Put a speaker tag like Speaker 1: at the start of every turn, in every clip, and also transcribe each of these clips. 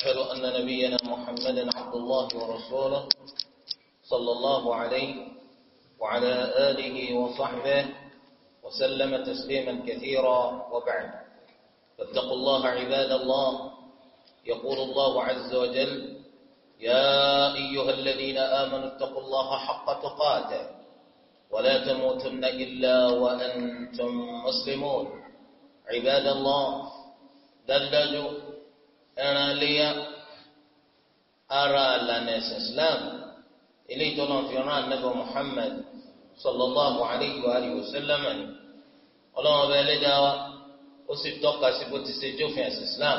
Speaker 1: أشهد أن نبينا محمدا عبد الله ورسوله صلى الله عليه وعلى آله وصحبه وسلم تسليما كثيرا وبعد فاتقوا الله عباد الله يقول الله عز وجل يا أيها الذين آمنوا اتقوا الله حق تقاته ولا تموتن إلا وأنتم مسلمون عباد الله دلجوا ẹran léyà ara àlànà ẹ̀sìn islam eléyìí tó náà fi rán anábọ̀ muhammad sallallahu alayhi wa alihi wa sallam ni ọlọ́run ọba ẹlẹ́dàá wa ó sì tọ́ka sí bó ti ṣe jófin ẹ̀sìn islam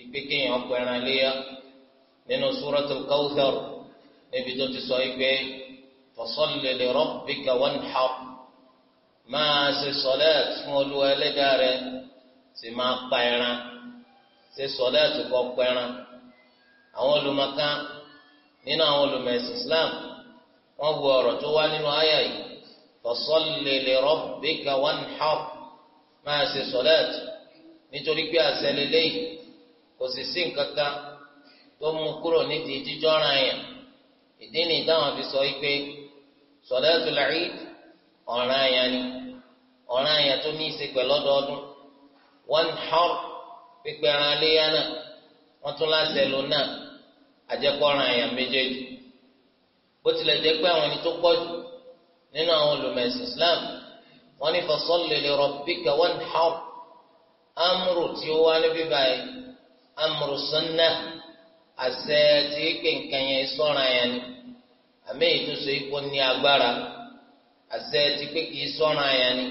Speaker 1: ìgbé kéèyàn ọkọ̀ ẹran léyà nínú suratul kawthar níbi tó ti sọ ìgbé fasalli li rabbika wanhar máa ṣe sọlẹ́ẹ̀tì fún olúwa ẹlẹ́dàá rẹ̀ sì máa pa ẹran ṣe sọlá àtúkọ pẹran àwọn olùmọ̀ká nínú àwọn olùmọ̀ẹ̀sìn Islam wọ́n bu ọ̀rọ̀ tó wá nínú àyà yìí fasalli li rabbika wanhar máa ṣe sọlá àtú nítorí pé àṣẹ lélẹ́yìí kò sì sí nǹkan tó mú kúrò nídìí jíjọ́ra yẹn ìdí ni táwọn fi sọ pé sọlẹ́tùl Eid ọ̀ranyàn ni ọ̀ranyàn tó ní í ṣe pẹ̀lú ọdọọdún wanhar. pípẹ́ ẹran léyà náà wọ́n tún láṣẹ lò náà àjẹkọ́ran èèyàn méjèèjì bó tilẹ̀ jẹ́ pé àwọn ẹni tó pọ̀ jù nínú àwọn olùmẹ̀sìn Islam wọ́n ní tí ó wá níbí báyìí àṣẹ tí pé nǹkan yẹn ni àmì ní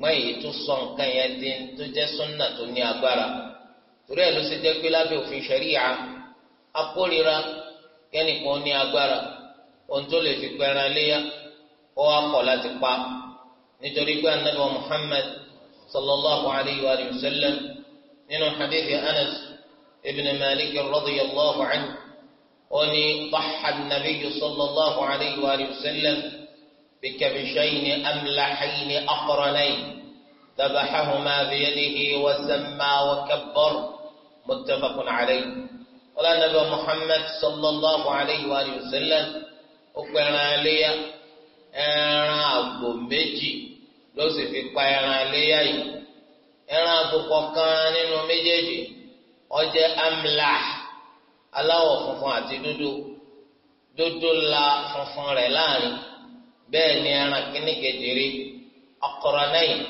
Speaker 1: mọ èyí tó sọ nǹkan yẹn di tó jẹ́ súnà tó ní agbára torí ẹ̀ ló ṣe jẹ́ pé lábẹ́ òfin ṣẹ̀ríyà akórira kẹ́nìkan ní agbára ohun tó lè fi pẹran léyà ó wá kọ̀ láti pa nítorí pé anabi muhammad sallallahu alayhi wa sallam nínú hadithi anas ibn malik radiyallahu anhu ó ní ضحى النبي صلى الله عليه وآله وسلم بكبشين أملحين أقرنين ذبحهما بيده وسمى وكبر متفق عليه ولا نبي محمد صلى الله عليه وآله وسلم أقرنا لي ẹran àgbò méjì ló sì fi pa ẹran aléyà yìí ẹran àgbò kọ̀ọ̀kan nínú méjèèjì ó jẹ́ amla aláwọ̀ funfun àti dúdú dúdú la funfun rẹ̀ láàrin bẹ́ẹ̀ ni ẹran kíní kejì rí ọkọ̀rọ̀nẹ́yìn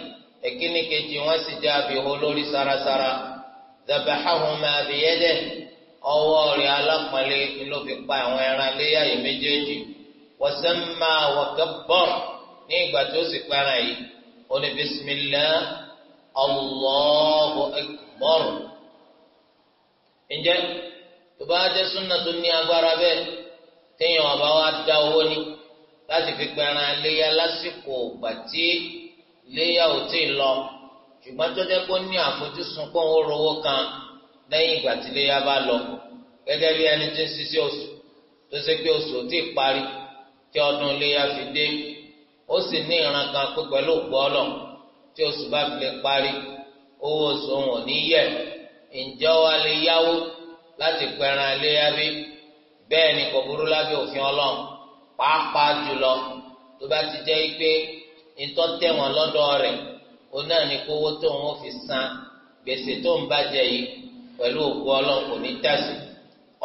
Speaker 1: ẹ̀kíní kejì wọ́n sì jẹ́ àbíhó lórí sarasara zabahahuma abiyẹ́dẹ́ ọwọ́ rẹ̀ alápọ̀nlé ló fi pa àwọn ẹran léyà yìí méjèèjì wọ́sẹ̀mà wọ́kẹ́bọ̀r ní ìgbà tó sì pẹ́ràn yìí ó ní bisimilá Allahu akbar ǹjẹ́ tó bá jẹ́ súnà tó ní agbára bẹ́ẹ̀ téèyàn ọba wa dá owó ni láti fi gbẹran léyà lásìkò ògbà tí léyà ò tí ì lọ ṣùgbọ́n tó jẹ́ pé ó ní àfojúsùn pé òun rówó kan lẹ́yìn ìgbà tí léyà bá lọ gẹ́gẹ́ bí ẹni tí ń ṣiṣẹ́ oṣù tó ṣe pé oṣù ò tí ì parí tí ọdún léyà fi dé ó sì ní ìran kan pé pẹ̀lú ògbọ́lọ̀ tí oṣù bá fi lè parí owó oṣù òun ò ní yẹ ǹjẹ́ wa lè yáwó láti gbẹran léyà bí bẹ́ẹ̀ ni kò burú lábẹ́ òfin ọlọ́run pàápàá jùlọ tó bá ti jẹ́ pé ìtọ́ tẹ̀wọ̀n lọ́dọ̀ rẹ̀ ó náà ní kówó tó ń fi san gbèsè tó ń bàjẹ́ yìí pẹ̀lú òkú ọlọ́run kò ní tẹ̀sí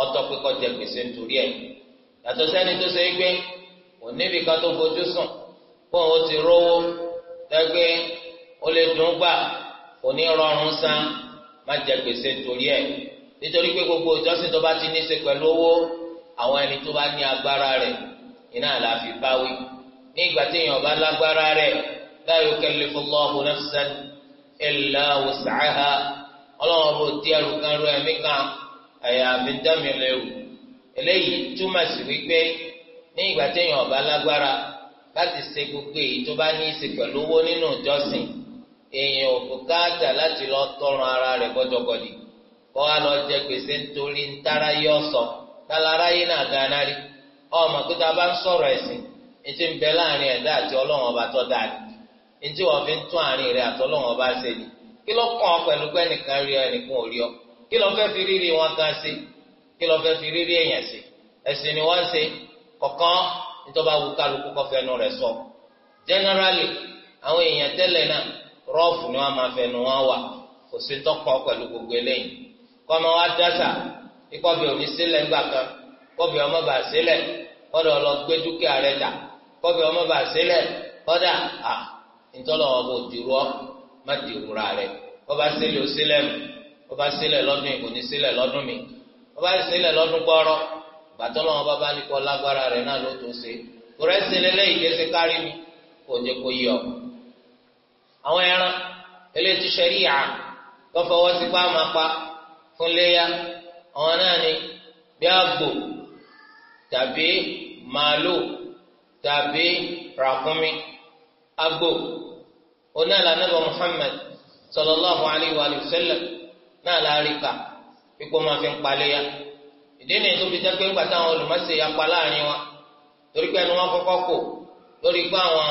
Speaker 1: ọtọ́ pípọ́ jẹ gbèsè nítorí ẹ̀ yàtọ̀ sẹ́ni tó ṣe é gbé òníbi kan tó fojú sùn fóun ó ti rówó tẹ́gbẹ́ ó lè dùn gbà kò ní rọrùn san má jẹ gbèsè nítorí ẹ̀ nítorí pé gbogbo ìjọsìn tó bá ti ní í ṣe pẹ̀lú owó àwọn ẹni tó bá ní agbára rẹ̀ iná àlàáfíà báwí ní ìgbà téèyàn lagbara lágbára rẹ̀ la yukallifullahu nafsan illa wus'aha ọlọ́wọ́n bó ti ẹrù kan ru ẹ̀mí kan àyàfi dámì lẹ́rù eléyìí túmọ̀ sí wípé ní ìgbà téèyàn bá lágbára láti ṣe gbogbo èyí tó bá ní í ṣe pẹ̀lú owó nínú ìjọsìn èèyàn láti lọ ara kọ́ wa lọ jẹ gbèsè nítorí ọmọ pé tá bá ń sọ̀rọ̀ ẹ̀sìn ètò ń bẹ láàrin ẹ̀dá àti ọlọ́run ọba tọ́ dáa ni fi ń tún àárín àti ọlọ́run ọba ṣe ni kí ló kàn ọ́ pẹ̀lú pé ẹnìkan rí ọ ò rí ọ kí ló fẹ́ fi rírí wọn kan ṣe kí ló fẹ́ fi rírí èèyàn ṣe ẹ̀sìn ni wọ́n ṣe kọ̀ọ̀kan nítorí fẹnu rẹ̀ sọ generally àwọn èèyàn tẹ́lẹ̀ wọn kọ́bí ọmọ bá sílẹ̀ kọ́dọ̀ lọ gbé dúkìá rẹ̀ dà kọ́bí ọmọ bá sílẹ̀ kọ́dà à ntọ́lọ̀ ọmọ òdìrú ọ má di rẹ̀ kọ́bá sílẹ̀ ó sílẹ̀ mi kọ́bá sílẹ̀ lọ́dún ní sílẹ̀ lọ́dún mi kọ́bá sílẹ̀ lọ́dún gbọ́rọ́ gbàtọ́lọ̀ ní kọ́ lágbára rẹ̀ náà ló tó ṣe sílẹ̀ lẹ́yìn kárí mi kò kó yí ọ. tàbí màálù tàbí ràkúnmí àgbò onáàlà nàbà Muhammad sallallahu alayhi wa sallam náà láàrin kà máa fi ń palẹ̀ ya ìdí ni tó fi jẹ́ pé táwọn olùmọ̀ọ́sẹ̀ ya pa láàrin wa torí pé ẹni wọn kọ́kọ́ kò lórí pé àwọn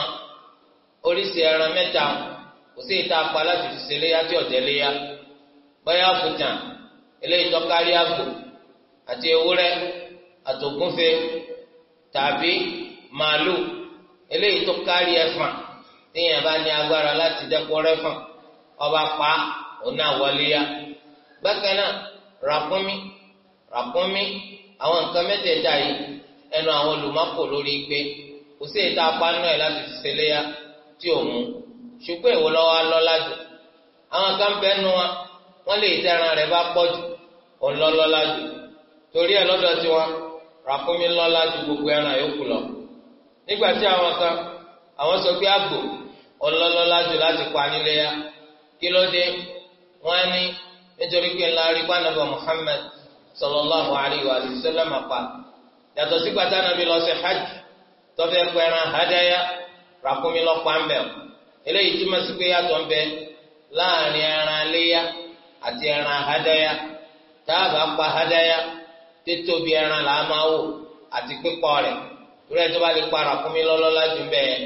Speaker 1: oríṣi ẹran mẹ́ta kò sí ìta apá láti fi ṣeléyà tí àtògúnfe tàbí màálù eléyìí tó kárí ẹ̀fọn téèyàn bá ní agbára láti dẹ́kun rẹ́fọn ọba pa ọ̀nà àwọléyà bákan náà ràkúnmí ràkúnmí àwọn nǹkan mẹ́tẹ̀ẹ̀ta yìí ẹnu àwọn olùmọ́pọ̀ lórí pé kò sí èyí tá a pa náà láti fi ṣe léyà tí ò mú ṣùgbọ́n èwo lọ́wọ́ á àwọn kan bẹ́ẹ̀ nu wa wọ́n lè tẹ́ran rẹ̀ bá pọ̀ jù ọ̀nlọ́lọ́lájò torí ẹ̀ lọ́dọ̀ tiwọn. ràkúnmí lọ́lá ju gbogbo ẹran yòókù lọ nígbà tí àwọn kan àwọn sọ pé àgbò ọlọ́lọ́lá jù láti pa nílé ya kí ló dé wọ́n ní nítorí pé ńlá rí sallallahu alayhi wa pa yàtọ̀ sí gbàtà nàbí lọ sí hajj tọ́fẹ́ pẹ̀ràn hadaya pa ń bẹ̀ eléyìí túmọ̀ sí pé yàtọ̀ ń bẹ láàrin ẹran léya àti ẹran hadaya táàbà pa títóbi ẹran là á máa wò àti pípọ̀ rẹ̀ ìrẹ́ tó bá lè para fún mi lọ́lọ́lá jù bẹ́ẹ̀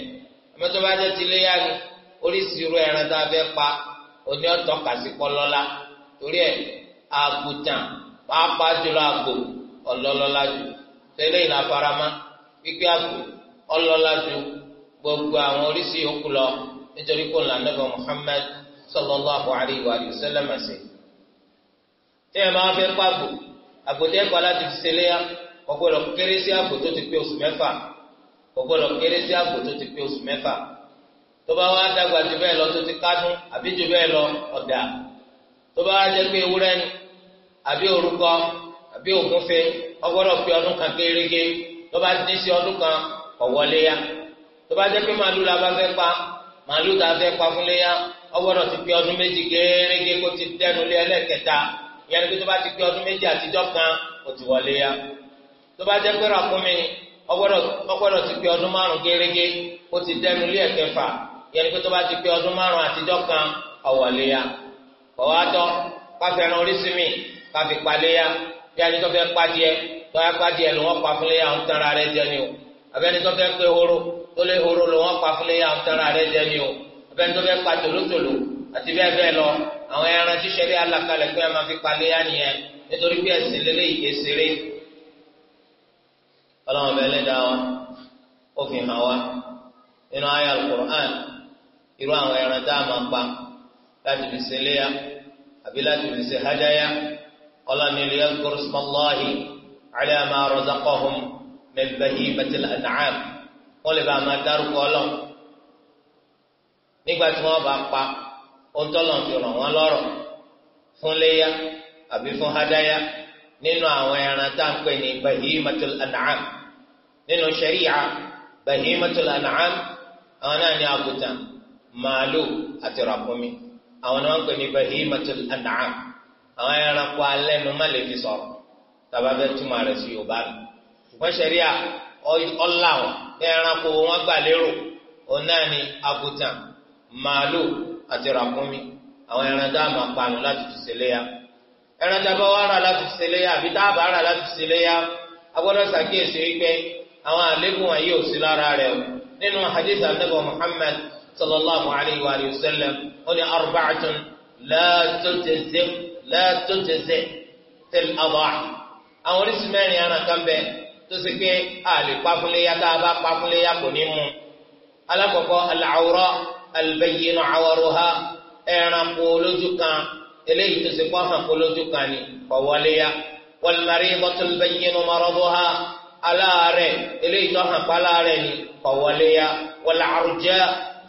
Speaker 1: ẹ̀mọ́ tó bá jẹ́ ti léyà ni oríṣi irú ẹran tá a fẹ́ pa oní ọ̀tọ̀ kàsí pọ́lọ́lá torí ẹ̀ àgùntàn pàápàá jùlọ àgbò ọlọ́lọ́lá jù ìlà farama pípẹ́ àgbò ọlọ́lá gbogbo àwọn oríṣi yòókù lọ nítorí kó ńlá nàbà Muhammad sallallahu alaihi wa sallam ẹ̀sìn. tẹ́lẹ̀ máa fẹ́ pàgbò. àgbòtẹ́ ẹ̀kọ́ láti fi ṣẹlẹ́yà kò gbọ́dọ̀ kéré sí àgbò tó ti pé oṣù mẹ́fà tó bá wá dàgbà ju bẹ́ẹ̀ lọ tó ti kádùn àbí ju bẹ́ẹ̀ lọ ọ̀dà tó bá wá jẹ́ pé ewúrẹ́ ni àbí orúkọ àbí ògúnfe ó pé ọdún kan tó bá dín sí ọdún kan ya tó bá jẹ́ la bá fẹ́ pa màálù ta fẹ́ pa fúnlé ya ó ti pé ọdún méjì ìyẹn ni pé tó bá ti pé ọdún méjì àtijọ́ kan ó ti wọlé ya tó bá jẹ́ pé ràkúnmí ọgbọ́dọ̀ ti pé ọdún márùn gẹ́rẹ́gẹ́ ó ti dẹnu lé ẹ̀kẹfà ìyẹn ni pé tó bá ti pé ọdún márùn àtijọ́ kan ó wọlé ya ọ̀wá tọ́ káfẹ́ràn oríṣi mi palẹ̀ ya bí a ní tó fẹ́ pàdé tó yà pàdé ló wọ́n pa fúnlẹ̀ ya ń tara rẹ̀ jẹ o abẹ́ni tó fẹ́ pé horo tó lé horo ló wọ́n pa fúnlẹ̀ ya ń tara rẹ̀ jẹ o abẹ́ni tó fẹ́ pa tòlótòló àti bẹ́ẹ̀ bẹ́ẹ̀ lọ àwọn ẹran ṣíṣẹ́lẹ̀ alákalẹ̀ pé ẹ máa fi paléyà nìyẹn nítorí pé ẹ̀sìn lélẹ́ ìgbésẹ̀rẹ́ ọlọ́run bẹ́ẹ̀ lẹ́dàá wa ó fi hàn wá nínú ayé alukur'an irú àwọn ẹran tá a máa pa láti fi ṣe léyà àbí láti fi ṣe hádáyà ọlọ́run ilé ẹgbẹ́rún sọmọláhi alẹ́ àmà rọ́zàkọ́hùn mẹ́bẹ́hì bẹ́tẹ̀lẹ̀ àdáhàm wọ́n lè bá a máa dárúkọ ọlọ́run nígbà tí wọ́n bá pa ó tọ́lọ̀ fi ràn wọ́n lọ́rọ̀ fún léyà àbí fún hádáyà nínú àwọn ẹran tá à ń pè ní bahimatul an'am nínú sharia bahimatul an'am àwọn náà ní àgùtàn màálù àti ràkúnmí àwọn náà ń pè ní bahimatul an'am àwọn ẹranko alẹ́nu má lè fi sọ̀rọ̀ tàbábẹ́ túmọ̀ rẹ̀ sí yorùbá rẹ̀ ṣùgbọ́n sharia ọ̀làwọ̀n ní ẹranko wọn gbà lérò òun ní àgùtàn màálù àti ràkúnmí àwọn ẹran tá a máa panu láti fi ṣe léyà ẹran tá a bá wá rà láti fi ṣe léyà àbí tá a bá rà láti fi ṣe léyà a gbọ́dọ̀ ṣàkíyèsí wípé àwọn àlékún wọ̀nyí ò sí lára rẹ̀ o nínú hadith anabi muhammad sallallahu alayhi wa sallam ó ní arba'atun la tutzi la tutzi àwọn oríṣi mẹ́rin ẹran kan bẹ tó ṣe pé a lè tá a bá pa kò ní mú alákọ̀ọ́kọ́ al albayinu awaruha ẹranko olójú kan eléyìí tó ṣe kó hàn kó lójú kan ni kọ̀wọ́léyà walmaridatu albayinu maraduha aláàárẹ̀ eléyìí tó hàn pa aláàárẹ̀ ni kọ̀wọ́léyà wàlàrújá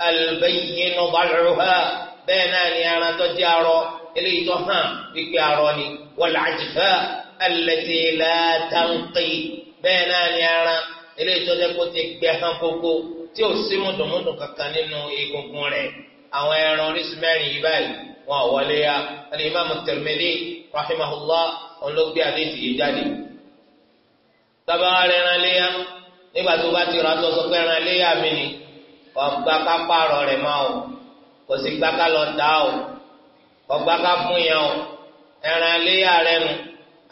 Speaker 1: albayinu bal'uha bẹ́ẹ̀ náà ni ẹran tó jẹ́ arọ eléyìí tó hàn wípé arọ ni wàlàjìfà allati la tanqi bẹ́ẹ̀ náà ni ẹran eléyìí tó jẹ́ ti gbẹ hàn gbogbo tí ò sí mùdùmùdù kankan nínú egungun rẹ̀ àwọn ẹran oríṣi mẹ́rin yìí báyìí wọn ò wọlé ya al-Imam Tirmidhi rahimahullah olóògbé àdéhìí yìí jáde. sábà rẹran léyà nígbà tó bá ti rà tó sọ pé ẹran léyà mi ni ọgbà ká pààrọ̀ rẹ̀ máa o kò sì gbà ká lọ dá o ọgbà ká fún yẹn o ẹran léyà rẹ nu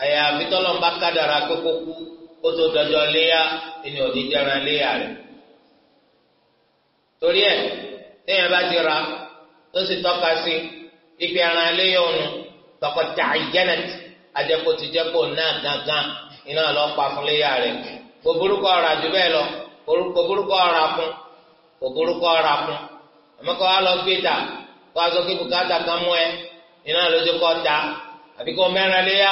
Speaker 1: àyàfi tọ́lọ́mbà kádàrà pé kú kó tó dọjọ́ léyà ẹni ò ní léyà rẹ̀ torí ẹ̀ téèyàn bá ti ra tó sì tọ́ka sí ibi ara léyìn ònu tọkọ tàìjẹnẹt àjẹkò ti jẹ́ kó náà gángan iná lọ pa fún léyà rẹ̀ kò burúkọ ọ̀rà jù bẹ́ẹ̀ lọ kò burúkọ ọ̀rà kún kò burúkọ ọ̀rà kún àmọ́ kọ́ wa lọ gbé ta kó a sọ kí bùkátà kan mú ẹ iná ló ti kọ́ ta àbí kó mẹ́rin léyà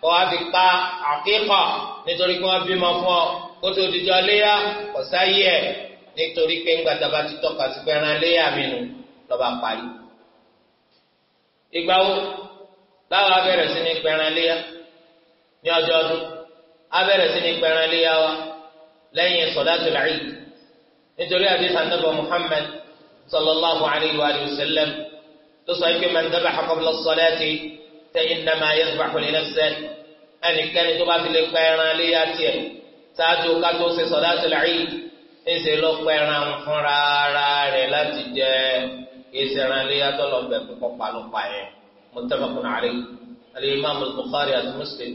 Speaker 1: kó wa fi pa àkíkọ̀ nítorí kí wọ́n bímọ fún ọ kó tó ti jọ léyà kò sáyé ẹ̀ nítorí pé ńgbàtà bá ti tọ́ka sí pé ẹran léyà mi nù lọ́ba parí. ìgbà wo láwọn abẹ́rẹ́ sí ní pẹran léyà ní ọjọ́ ọdún abẹ́rẹ́ sí ní pẹran léyà wa lẹ́yìn sọ̀dáàtì làyè nítorí àdìsá nàbà Muhammad sallallahu alayhi wa sallam tó sọ pé man dhabaha qabla as-salati fa innama yadhbahu li ẹnikẹ́ni tó bá ti lè pẹran léyà tiẹ̀ sáájú ká tó ṣe sọ̀dáàtì làyè ẹsẹ̀ lọ́pọ̀ ẹran fúnra ara rẹ̀ láti jẹ ẹsẹ̀ ẹran léyà tó lọ bẹ̀ kọ́ palùpà yẹn muttafaqun alayhi al-imam al-bukhari àti muslim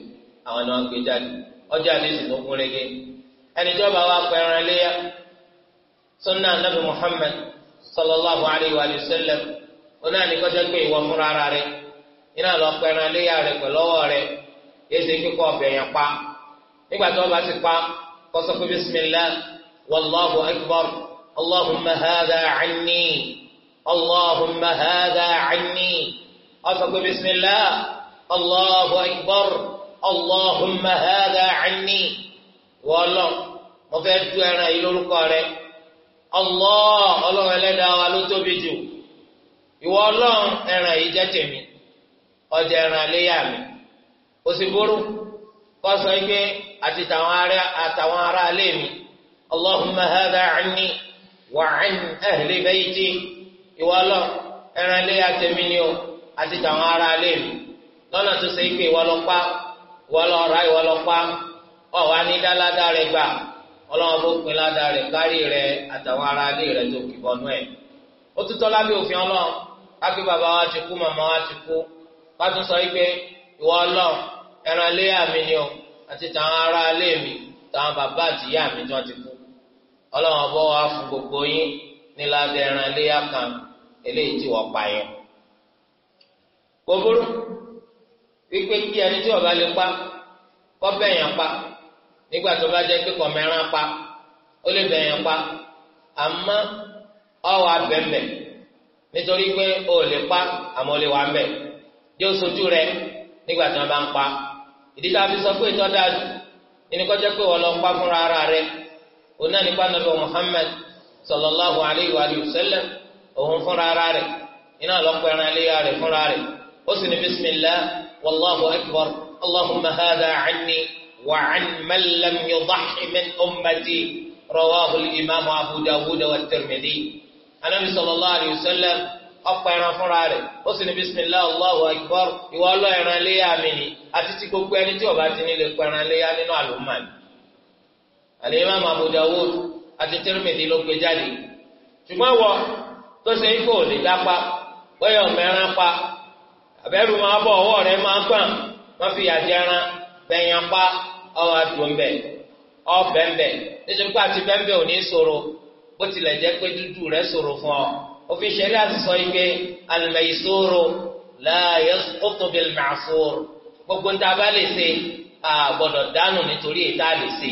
Speaker 1: àwọn ni wọ́n gbé jáde ọjà àdéhùn tó kún rege ẹni tí wọ́n bá wá pẹ̀ ẹran léyà sunna anabi muhammad sallallahu alayhi wa sallam oní àníkọ́jọ́ pé ìwọ fúnra ara rẹ̀ iná lọ pẹ̀ ẹran léyà rẹ̀ pẹ̀lú ọwọ́ rẹ̀ ẹsẹ̀ kíkọ́ ọbẹ̀ yẹn pa nígbà tí wọ́n bá ti pa kọ́sọ́ pé bismillah. والله أكبر اللهم هذا عني اللهم هذا عني أفق بسم الله الله أكبر اللهم هذا عني والله mo fẹ́ du ẹran yìí lórúkọ rẹ Allah ọlọ́run ẹlẹ́dàá wa ló tóbi jù ìwọ ọlọ́run ẹran yìí jẹ́ tèmi ọjà ẹran léyà mi òsì burú kọ́ sọ pé àti tàwọn ará alé mi اللهم هذا عني وعن أهل بيتي ìwọlọ ẹran ilé àtẹmí ni o àti tàwọn ará ilé mi lọ́nà tó ṣe pé ìwọlọ pa ìwọlọ ọ̀rá ìwọlọ pa ọ̀wá ní dáládá rẹ gbà pin ládá rẹ kárí rẹ àtàwọn ará ilé rẹ tó ó tún tọ́lá bí òfin kápẹ́ bàbá wa ti kú sọ pé ìwọlọ ẹran ilé àmì ni o àti tàwọn ará ilé mi tàwọn bàbá àti ọlọ́run ọbọ̀ wa fún gbogbo yín ní lábẹ́ ẹran iléyà kan eléyìí tí wọ́n pa yẹn. kò burú wípé kí ẹni tí ọba lè pa kọ́ bẹ̀yàn pa nígbà tó bá jẹ́ pé mẹ́ràn pa ó lè bẹ̀yàn pa àmọ́ ọwọ́ abẹ́mẹ̀ nítorí pé o lè pa àmọ́ o lè wà mẹ́ yóò sojú rẹ nígbà tí wọ́n bá ń pa ìdí tá a fi sọ pé ìtọ́ dáa nínú kọjá pé wọ́n lọ pa fúnra ara rẹ̀ oná nípa nàbẹ Muhammad sallallahu alayhi wa sallam òun fúnra ara rẹ̀ iná lọ́pọ̀ ẹran iléyà rẹ̀ fúnra rẹ̀ ó sì ní bismillah wàlláhu akbar allahumma hadha anni wa an man lam yudhi min ummati rawahu al-imam abu dawud wa tirmidhi anabi sallallahu alayhi wa sallam ọ̀pọ̀ ẹran fúnra rẹ̀ ó sì ní bisimilá allahu akbar ìwọ ọlọ́ ẹran léyà mi ti gbogbo ẹni tí ó bá ti ní lè pẹran léyà nínú al-Imam Abu Dawud àti Tirmidhi ló gbé jáde ṣùgbọ́n wọ tó ṣe ikú ò lè dápa wẹ́yọ̀ mẹ́ran pa àbẹ́rù máa bọ̀ ọwọ́ rẹ̀ máa gbọ̀n wọ́n fi àjẹran bẹ̀yàn pa ọwọ́ àdùnbẹ̀ ọ̀bẹ̀nbẹ̀ nítorí pé àti bẹ́ńbẹ̀ ò ní ṣòro bó tilẹ̀ jẹ́ pé dúdú rẹ̀ ṣòro fún ọ òfin ṣẹlẹ̀ àti ike al-maysuru la yasqutu bil gbogbo ń ta bá lè ṣe àgbọ̀dọ̀ dánù nítorí ètà lè ṣe.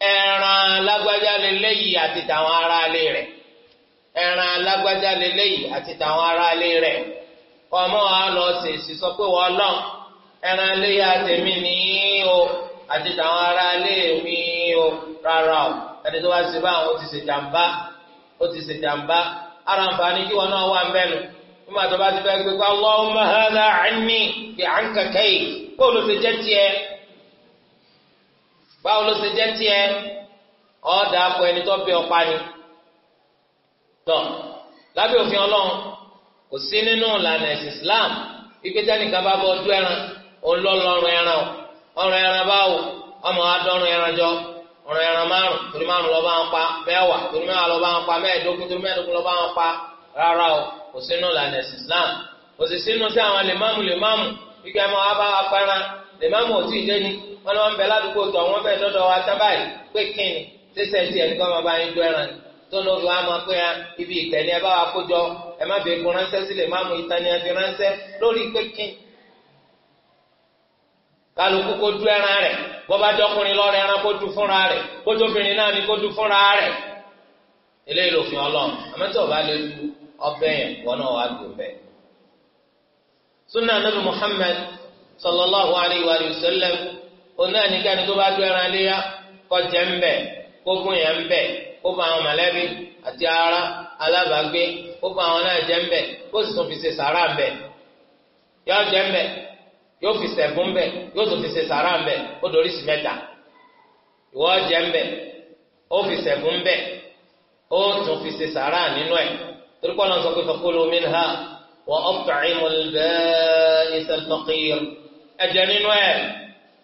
Speaker 1: ẹran alágbájá lélẹ́yìí àti tàwọn aráalé rẹ̀ ẹran alágbájá lélẹ́yìí àti tàwọn aráalé ọmọ sọ pé lọ ẹran o àti tàwọn aráalé mi o rárá o ẹni tó bá báwọn ti ara kí wọn náà wà ń nígbà tó bá ti fẹ́ gbé pé báwo ló ṣe jẹ́ tiẹ̀ ọ̀dà akọ ẹni tó bẹ ọ̀pá ni tọ́ lábẹ́ òfin ọlọ́run kò sí nínú ìlànà ẹ̀sìn Islam wípé jẹ́nìkan bá bọ́ ọdún ẹran òun lọ ọrụ ẹran ọrụ ẹran báwo ọmọ wa ẹran jọ ọ̀rùn ẹran márùn torí márùn lọ́ba pa mẹ́wàá torí mẹ́wàá lọ́ba pa torí lọ́ba pa rárá o kò ìlànà ẹ̀sìn Islam kò sínú sí àwọn wọn ni wọn bẹ ládùúgbò tó wọn bẹ dọdọ wa tábàyì pé kíni sísẹ tí ẹnìkan máa bá yín dó ẹran tó ní olùwà máa pé ya ah, ibi ìtẹ̀ni ẹ bá wa kójọ ẹ má bẹ kó ránṣẹ́ sílẹ̀ má mú ìtani ẹ fi ránṣẹ́ lórí pé kíni. kálukú kó dú ẹran rẹ̀ bọ́bá jọkùnrin lọ́rọ̀ ẹran kó dú fúnra rẹ̀ kójóbìnrin náà ni kó dú fúnra rẹ̀ eléyìí lòfin Ọlọ́run àmọ́tí ọba lè du ọbẹ̀ yẹn wọn náà wà dùn bẹ́ẹ̀. sunna anabi Muhammad sallallahu alayhi wa sallam onu tó bá gbé léyà ya jẹ ń yẹn ń kó bá àwọn mọ̀lẹ́bí àti ará alábàágbé kó bá àwọn náà jẹ kó sì tún fi ṣe sàrà ń yóò jẹ yóò fi sẹ̀gún ń yóò tún fi ṣe sàrà ń bẹ̀ dorí sí mẹ́ta ìwọ jẹ ó fi sẹ̀gún ń ó tún fi ṣe sàrà nínú ẹ̀ torí kọ́ sọ pé ha wa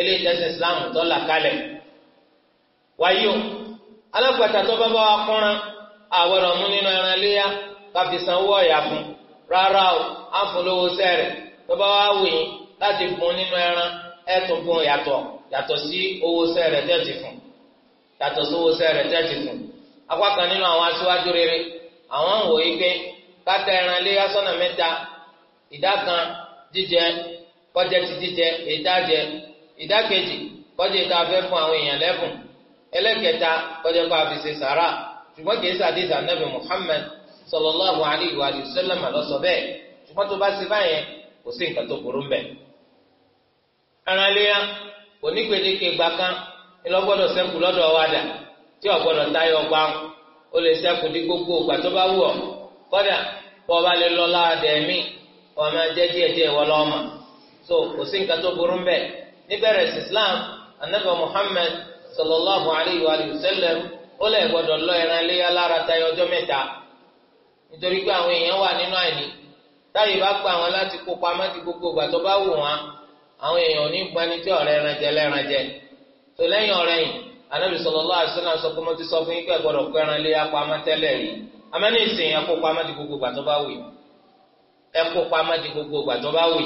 Speaker 1: eléyìí tẹ́sí islam tó là kalẹ̀ wáyé o alágbàtà tó bá bá wa kọ́ran àwọ̀rọ̀ mú nínú ẹran léyà káfí sanwó ọ̀yà fún rárá o àfọlówó sẹ́rẹ̀ tó bá wá wù yín láti bùn nínú ẹran ẹ̀ tún bùn yàtọ̀ yàtọ̀ sí owó sẹ́rẹ̀ tẹ́tì fún yàtọ̀ sí owó sẹ́rẹ̀ tẹ́tì fún apá nínú àwọn aṣíwájú rere àwọn ń wò yí pé káta ẹran léyà sọ́nà mẹ́ta ìdá kan jíjẹ kọjá ti jíjẹ èyí jẹ ìdákejì kọjá ìta fẹ́ fún àwọn èèyàn lẹ́bùn ẹlẹ́kẹta kọjá kó a fi ṣe sàrà ṣùgbọ́n kì í sàdéṣà nàbì Muhammad sallallahu alayhi wa sallam lọ́sọ bẹ́ẹ̀ ṣùgbọ́n tó bá ṣe báyẹn kò sí nǹkan tó burú mbẹ́. aráléyà kò ní gbèdéke kan gbogbo tó bá wù lè so kò sí nǹkan tó níbẹ̀rẹ̀ islam anabi muhammed sallallahu alayhi wa sallam ó lè gbọdọ̀ lọ ẹran léyà lára tayọ ọjọ́ mẹ́ta nítorí pé àwọn èèyàn wà nínú àìní táyì bá pa àwọn láti gbogbo ìgbà tó bá wù wọ́n àwọn èèyàn ò ní tí ọ̀rẹ́ ẹran jẹ lẹ́ran jẹ tó lẹ́yìn ọ̀rẹ́ yìí anabi sallallahu alayhi wa sallam sọ pé mo ti sọ fún yín pé gbọdọ̀ kó ẹran léyà pamọ́ tẹ́lẹ̀ amẹ́ni ìsìn ti gbogbo ìgbà tó bá wù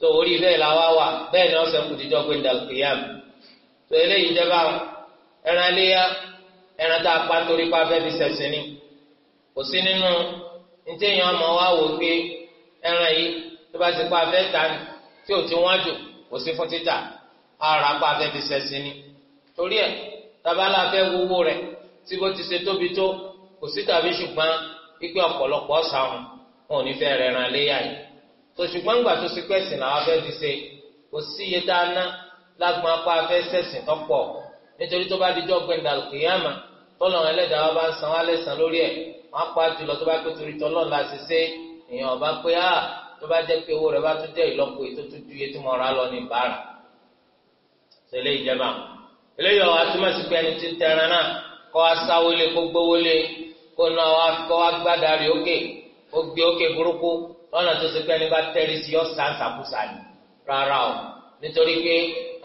Speaker 1: tó orí bẹ́ẹ̀ la wá wà bẹ́ẹ̀ ni wọ́n sẹ́kù díjọ́ pé ndàlùkìyàm tó eléyìí jẹba ẹran léyà ẹran tá a pa torí pa fẹ́ fi sẹ̀sìn ni kò sí nínú ntẹ̀yìn ọmọ wa wò pé ẹran yìí tó bá ti pa fẹ́ ta tí ò ti wọ́n jù kò sí fún títà ara pa fẹ́ fi sẹ̀sìn ni torí ẹ̀ tabalá fẹ́ wúwo rẹ̀ tí bó ti ṣe tóbi tó kò sí tàbí ṣùgbọ́n pípé ọ̀pọ̀lọpọ̀ ọ̀sà wọn ò ní fẹ́ rẹ̀ràn léyà yìí tó ṣùgbọ́n gbà tó ṣe pẹ́sìn làwọn fẹ́ fi ṣe kò sí iye tá a ná lágbọn apá afẹ́ sẹ̀sìn tó pọ̀ nítorí tó bá di jọ́ gbẹ̀ndà kìyàmà tọ́lọ̀ ẹlẹ́dàá wa bá ń san wá lẹ́sàn lórí ẹ̀ wọ́n pa jùlọ tó bá pé torí tọ́lọ̀ la ṣe ṣe èèyàn ọba pé á tó bá jẹ́ pé owó rẹ̀ bá tún jẹ́ ìlọ́po ètò tó ju iye tí mo ra lọ ní ìbára ṣẹlẹ̀ ìjẹba eléyìí ọ̀hún atúmọ̀ sí pé ẹni tí ń tẹran náà kọ́ wa sáwọlé kó gbówólé kó náà kọ́ wa gbádàá rè ókè ó gbé ókè burúkú lọ́nà tó ṣe pé ẹni bá tẹ́rí sí ọ̀sán ṣàkóso àná rárá o nítorí pé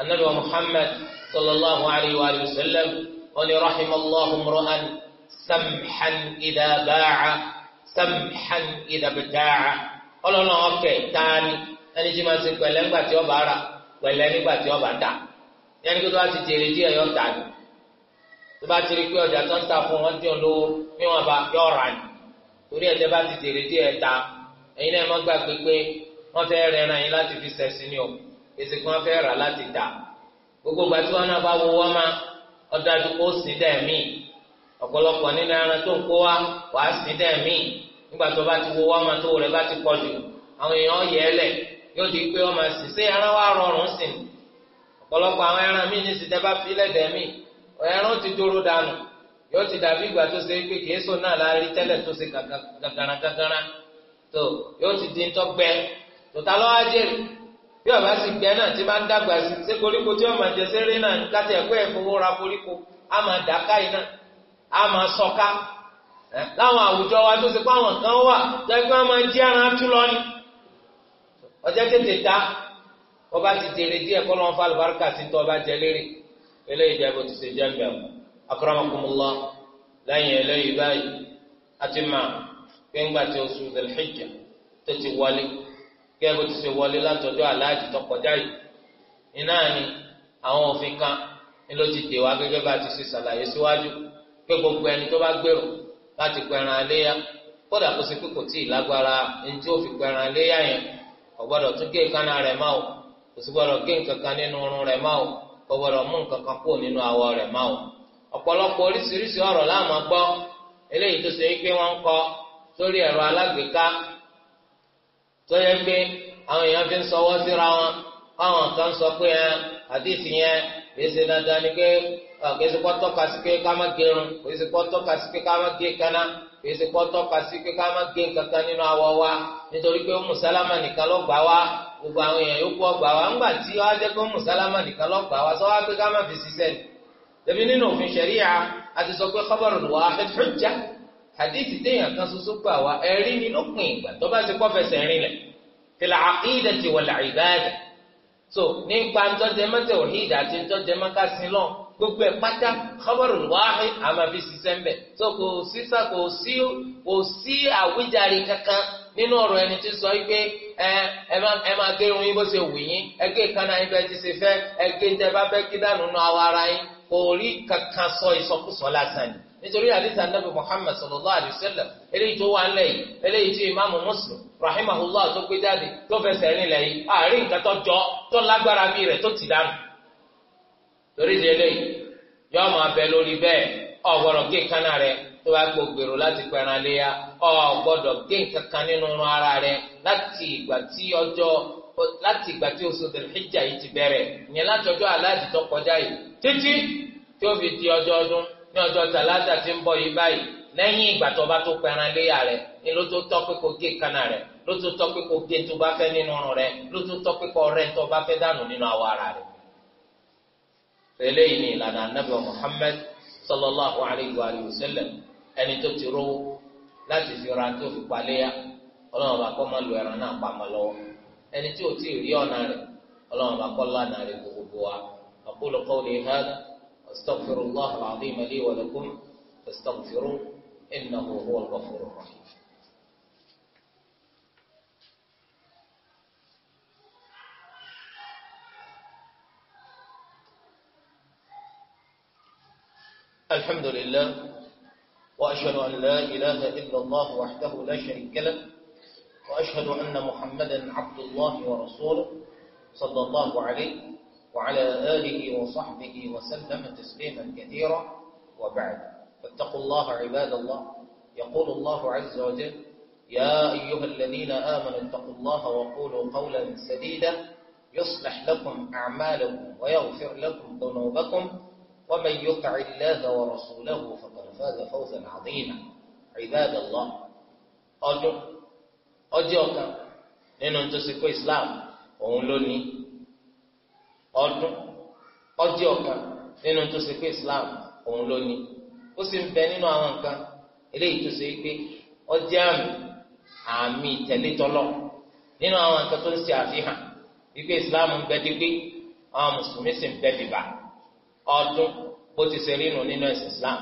Speaker 1: anabi wa muhammad sallallahu alayhi wa sallam wọn ni rahimallahu murhan samhan idà báà samhan idà bìtàà ọlọ́nà ọ̀kẹ́ tání ẹni tí ma ṣe pẹ̀lẹ́ nígbà tí ọba rà pẹ̀lẹ́ nígbà tí ọba dà yẹn ni kí tó bá ti tèrè díẹ̀ yọ tà tó bá ti rí pé ọjà tó ń ta fún wọn dín olówó bí wọn bá yọ ọ̀rà torí ẹ̀ tẹ́ bá ti tèrè díẹ̀ ta. ẹ̀yin náà má gbàgbé pé wọ́n fẹ́ rẹran yín láti fi ṣẹ̀sìn ni o èsì kan fẹ́ rà láti dà gbogbo ìgbà tí wọ́n náà bá wo wọ́n kó sí dẹ̀ mí ọ̀pọ̀lọpọ̀ nínú ẹran tó ń kó wa wàá sí nígbà tó ti wo wọ́n tó rẹ̀ bá ti pọ̀ jù àwọn èèyàn yẹ ẹ yóò di pé ma sì ṣé ẹran wa rọrùn sí ọ̀pọ̀lọpọ̀ àwọn ẹran mí ní sìtẹ́ bá tó yóò ti di ntọ́gbẹ́ tòtá lọ́wọ́ ajẹ́rì bí ọba sì gbẹ náà tí bá ń dàgbà sí ṣé koríko tí ọmọ jẹ sẹ́rẹ́ náà láti ẹ̀kọ́ ẹ̀fowó ra koríko á máa dà káyìí náà á máa sọ̀ká láwọn àwùjọ wa tó ṣe pé àwọn kan wà tó ẹgbẹ́ wọn máa ń jí ẹran tú lọ ni ọjọ́ tètè ta ọba ti dèrè díẹ̀ kọ́ lọ́wọ́ fún alùbáríkà tí tọ́ ọba jẹ lérè eléyìí jẹ́ bó ti ṣe jẹ́ ń bẹ̀rù akọ́rọ́mọkùnmọ́ lẹ́yìn eléyìí báyìí á máa. kéńgbà tí oṣù Dhul-Hijjah tó ti wọlé gẹ́gẹ́ bó ti ṣe wọlé látọjọ́ aláàjì tó kọjá yìí iná ni àwọn òfin kan ni ló ti dè wá gẹ́gẹ́ bá ti ṣe ṣàlàyé síwájú pé gbogbo ẹni tó bá gbèrò láti pẹran aléyá kódà kó ṣe pé tí ì lágbára ẹni tí ó fi pẹran aléyá yẹn kò tún gé rẹ̀ máa o kò sì awọ rẹ̀ máa o ọ̀pọ̀lọpọ̀ oríṣiríṣi ọ̀rọ̀ láàmú gbọ́ eléyìí tó ṣe é pé wọ́n sórí ẹ̀rọ alágbèéká tó yẹ pé àwọn èèyàn fi ń sọwọ́ síra wọn káwọn kan sọ pé ẹ àdìsí yẹn kì í ṣe dandan ni pé kì í ṣe kọ́ tọ́ka sí pé ká má gerun kì í ṣe kọ́ tọ́ka sí pé ká má gé kaná kì í ṣe kọ́ tọ́ka sí pé ká má gé kankan nínú awọ wa nítorí pé mùsálámà nìkan ló gbà wá gbogbo àwọn èèyàn yòókù ọgbà wa ńgbà tí wọ́n á jẹ́ pé mùsálámà nìkan ló gbà wá sọ pé ká má fi ṣiṣẹ́ ni. tẹ̀bí nínú òfin ṣẹ̀ríyà àti sọ pé khabarul wahid hujja hadithi téèyàn kan ṣoṣo gbà wá ẹ̀rí ni lópin ìgbà tó bá ti kọ́ fẹsẹ̀ rinlẹ̀ tìlà àkídàtì wàlà ìbáàdà so nípa ntọ́jẹmọ́ tẹ̀wọ̀hídà àti ntọ́jẹmọ́ kásínlọ́ọ̀ gbogbo ẹ pátá khabarun wahid àmàfi ṣiṣẹ́ ńbẹ̀ So kò sísá kò sí kò sí àwíjàre kankan nínú ọ̀rọ̀ ẹni tí sọ wípé ẹ ẹ máa gẹrun yín bó ṣe wù yín ẹ gé kaná yín bẹ́ẹ̀ ti ṣe fẹ́ ẹ gé ń bá fẹ́ kí dànù nù awọ ara yín kò rí kankan sọ ìsọkúsọ lásán ni nítorí àdìsá nàbì muhammad sallallahu alayhi wa sallam eléyìí tó wà ńlẹ̀ yìí eléyìí tí imaamu muslim rahimahullah tó gbé jáde tó fẹsẹ̀ rinlẹ̀ yìí àárín nǹkan tó jọ tó lágbára mi rẹ̀ tó ti dànù torí di eléyìí yọ ọmọ abẹ lórí bẹ́ẹ̀ ọgbọdọ gé kánà tó bá gbó gbèrò láti pẹran léya gé nǹkan kan ara láti ìgbà tí láti ìgbà tí oṣù yìí ti ìyẹn láti aláàdì tó kọjá ní ọjọ́ tàlátà tí ń bọ̀ yìí báyìí lẹ́yìn ìgbà tó bá tó pẹran léyà rẹ̀ ni ló tó tọ́ pé kó gé kanna rẹ̀ ló tó tọ́ pé kó gé tó bá fẹ́ nínú ọrùn rẹ̀ ló tó tọ́ pé rẹ̀ tó bá fẹ́ dànù nínú ara rẹ̀. eléyìí ni ìlànà anábìá Muhammad sallallahu alayhi wa sallam ẹni tó ti rówó láti fi ra lo ẹran náà lọ́wọ́ ẹni tí ò tí أستغفر الله العظيم لي ولكم فاستغفروه إنه هو الغفور الرحيم الحمد لله وأشهد أن لا إله إلا الله وحده لا شريك له وأشهد أن محمدا عبد الله ورسوله صلى الله عليه وعلى آله وصحبه وسلم تسليما كثيرا وبعد فاتقوا الله عباد الله يقول الله عز وجل يا أيها الذين آمنوا اتقوا الله وقولوا قولا سديدا يصلح لكم أعمالكم ويغفر لكم ذنوبكم ومن يطع الله ورسوله فقد فاز فوزا عظيما عباد الله أجر أنت ننتسك إسلام وأقول لوني ọdún ọjọ́ ọ̀kan nínú tó ṣe Islam òun ló ní ó sì ń bẹ nínú àwọn nǹkan eléyìí tó ṣe pé ọjọ́ àmì àmì ìtẹ̀lẹ́tọ́lọ́ nínú àwọn nǹkan tó ń ṣe Islam ń bẹ dígbé àwọn mùsùlùmí sì ń bẹ bìbà ọdún bó Islam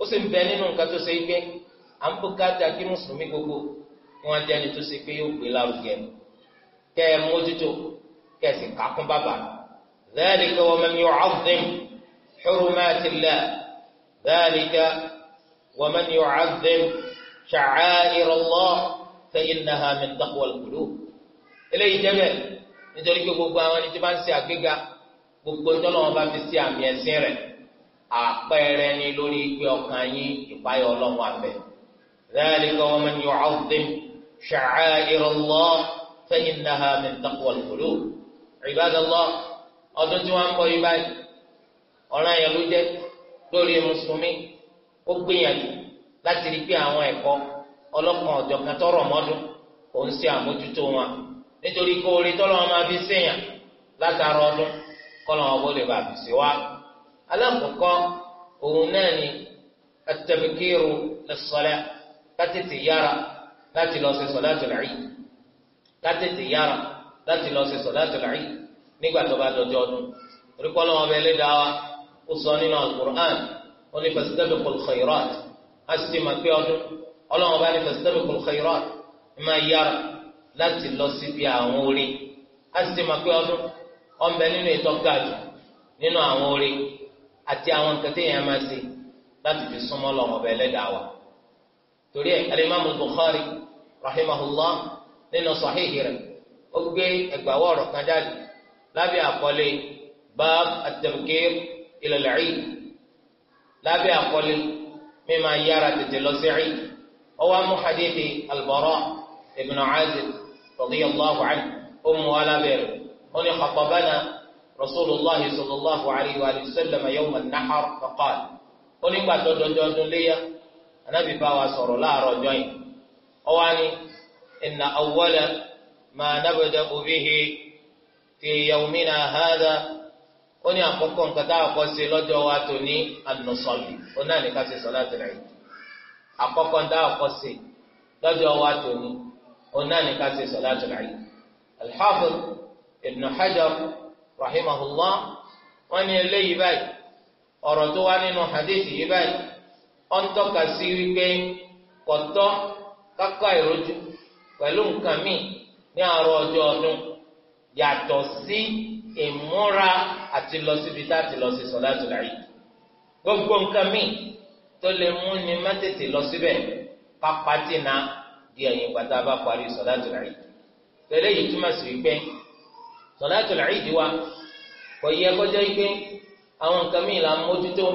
Speaker 1: ó sì ń bẹ nínú nǹkan tó ṣe pé à ń kí mùsùlùmí gbogbo tó ṣe pé yóò gbé ذلك ومن يعظم حرمات الله ذلك ومن يعظم شعائر الله فإنها من تقوى القلوب eléyìí jẹ́bẹ̀ nítorí pé gbogbo àwọn ẹni tí bá ń ṣe àgbéga gbogbo ńtọ́nà wọn bá fi ṣe àmì ẹ̀sìn rẹ̀ àpẹẹrẹ ni lórí pé ọkàn yín ìpayọ̀ ọlọ́run àbẹ̀. ذلك ومن يعظم شعائر الله فإنها من تقوى القلوب عباد الله ọdún tí wọ́n ń bọ̀ yí báyìí ọ̀ràn yẹn ló jẹ́ lórí mùsùlùmí ó gbìyànjú láti rí pé àwọn ẹ̀kọ́ ọlọ́kan ọ̀jọ̀kan tọrọ mọ́dún kò ń ṣe àmójútó wọn nítorí kó orí tọ́lọ́ wọn máa fi látara ọdún kọ́lọ́ wọn lè bàbí sí wa. alákòókò òun náà ni atabikiru lẹsọlẹ kátètè yára láti lọ ṣe sọlá tó láàyè kátètè yára láti lọ ṣe sọlá tó láàyè nígbà tó bá dọjọ́ ọdún orúkọ ọlọ́wọ́n bẹ lẹ́dàá wa ó sọ nínú alukur'an ó ní fastabiqul khairat á sì ti máa pé ọdún ọlọ́wọ́n bá ní fastabiqul khairat ẹ máa yára láti lọ síbi àwọn orin á sì ti máa pé ọdún ọ̀nbẹ nínú ìtọ́gàjù nínú àwọn orin àti àwọn nǹkan téèyàn máa ṣe láti fi súnmọ́ lọ́wọ́ bẹ lẹ́dàá wa torí ẹ̀ alimami Bukhari rahimahullah nínú sàhíhì ó gbé ẹgbàáwọ̀ ọ̀rọ̀ kan jáde lábẹ́ àkọlé bab at-tabkir ila al-eid lábẹ́ àkọlé mímá yára tètè lọ sí ẹ̀yìn ọwọ́ amú hadithi al-bara ibn azib radiyallahu anhu ọmọ alábẹ́rẹ́ oní khatabana rasulillah sallallahu alayhi wa sallam yawm an-nahar faqal onígbà tó dọjọ́ ọdún léyà anábì bá wa sọ̀rọ̀ láàárọ̀ ọjọ́ yìí ọwọ́ ni inna awwala ma nabda'u bihi fi yawmina hadha ó ní àkọ́kọ́ nǹkan tá a kọ́ ṣe lọ́jọ́ wa tó ní ànùsọ̀lì ó náà ní ká ṣe sọ̀láàtì rẹ̀ àkọ́kọ́ tá a kọ́ ṣe lọ́jọ́ wa tó ní ó náà ní ká ṣe sọ̀láàtì rẹ̀ al-Hafiz Ibn Hajar rahimahullah wọ́n ní eléyìí báyìí ọ̀rọ̀ tó wá nínú hadith yìí báyìí ó ń tọ́ka sí wípé kọ̀tọ́ kákọ́ ìrójú pẹ̀lú nǹkan míì ní àárọ̀ ọjọ́ ọdún yàtọ̀ sí ìmúra àti lọ síbi tá a ti lọ sí sọ̀láàtù Eid gbogbo nǹkan míì tó lè mú ni má tètè lọ síbẹ̀ pápátì náà di ẹ̀yìn gbàtà bá parí sọ̀láàtù Eid tẹ̀lé yìí túmọ̀ sí wípé sọ̀láàtù Eid wa kò yẹ kọjá wípé àwọn nǹkan míì là ń mójútó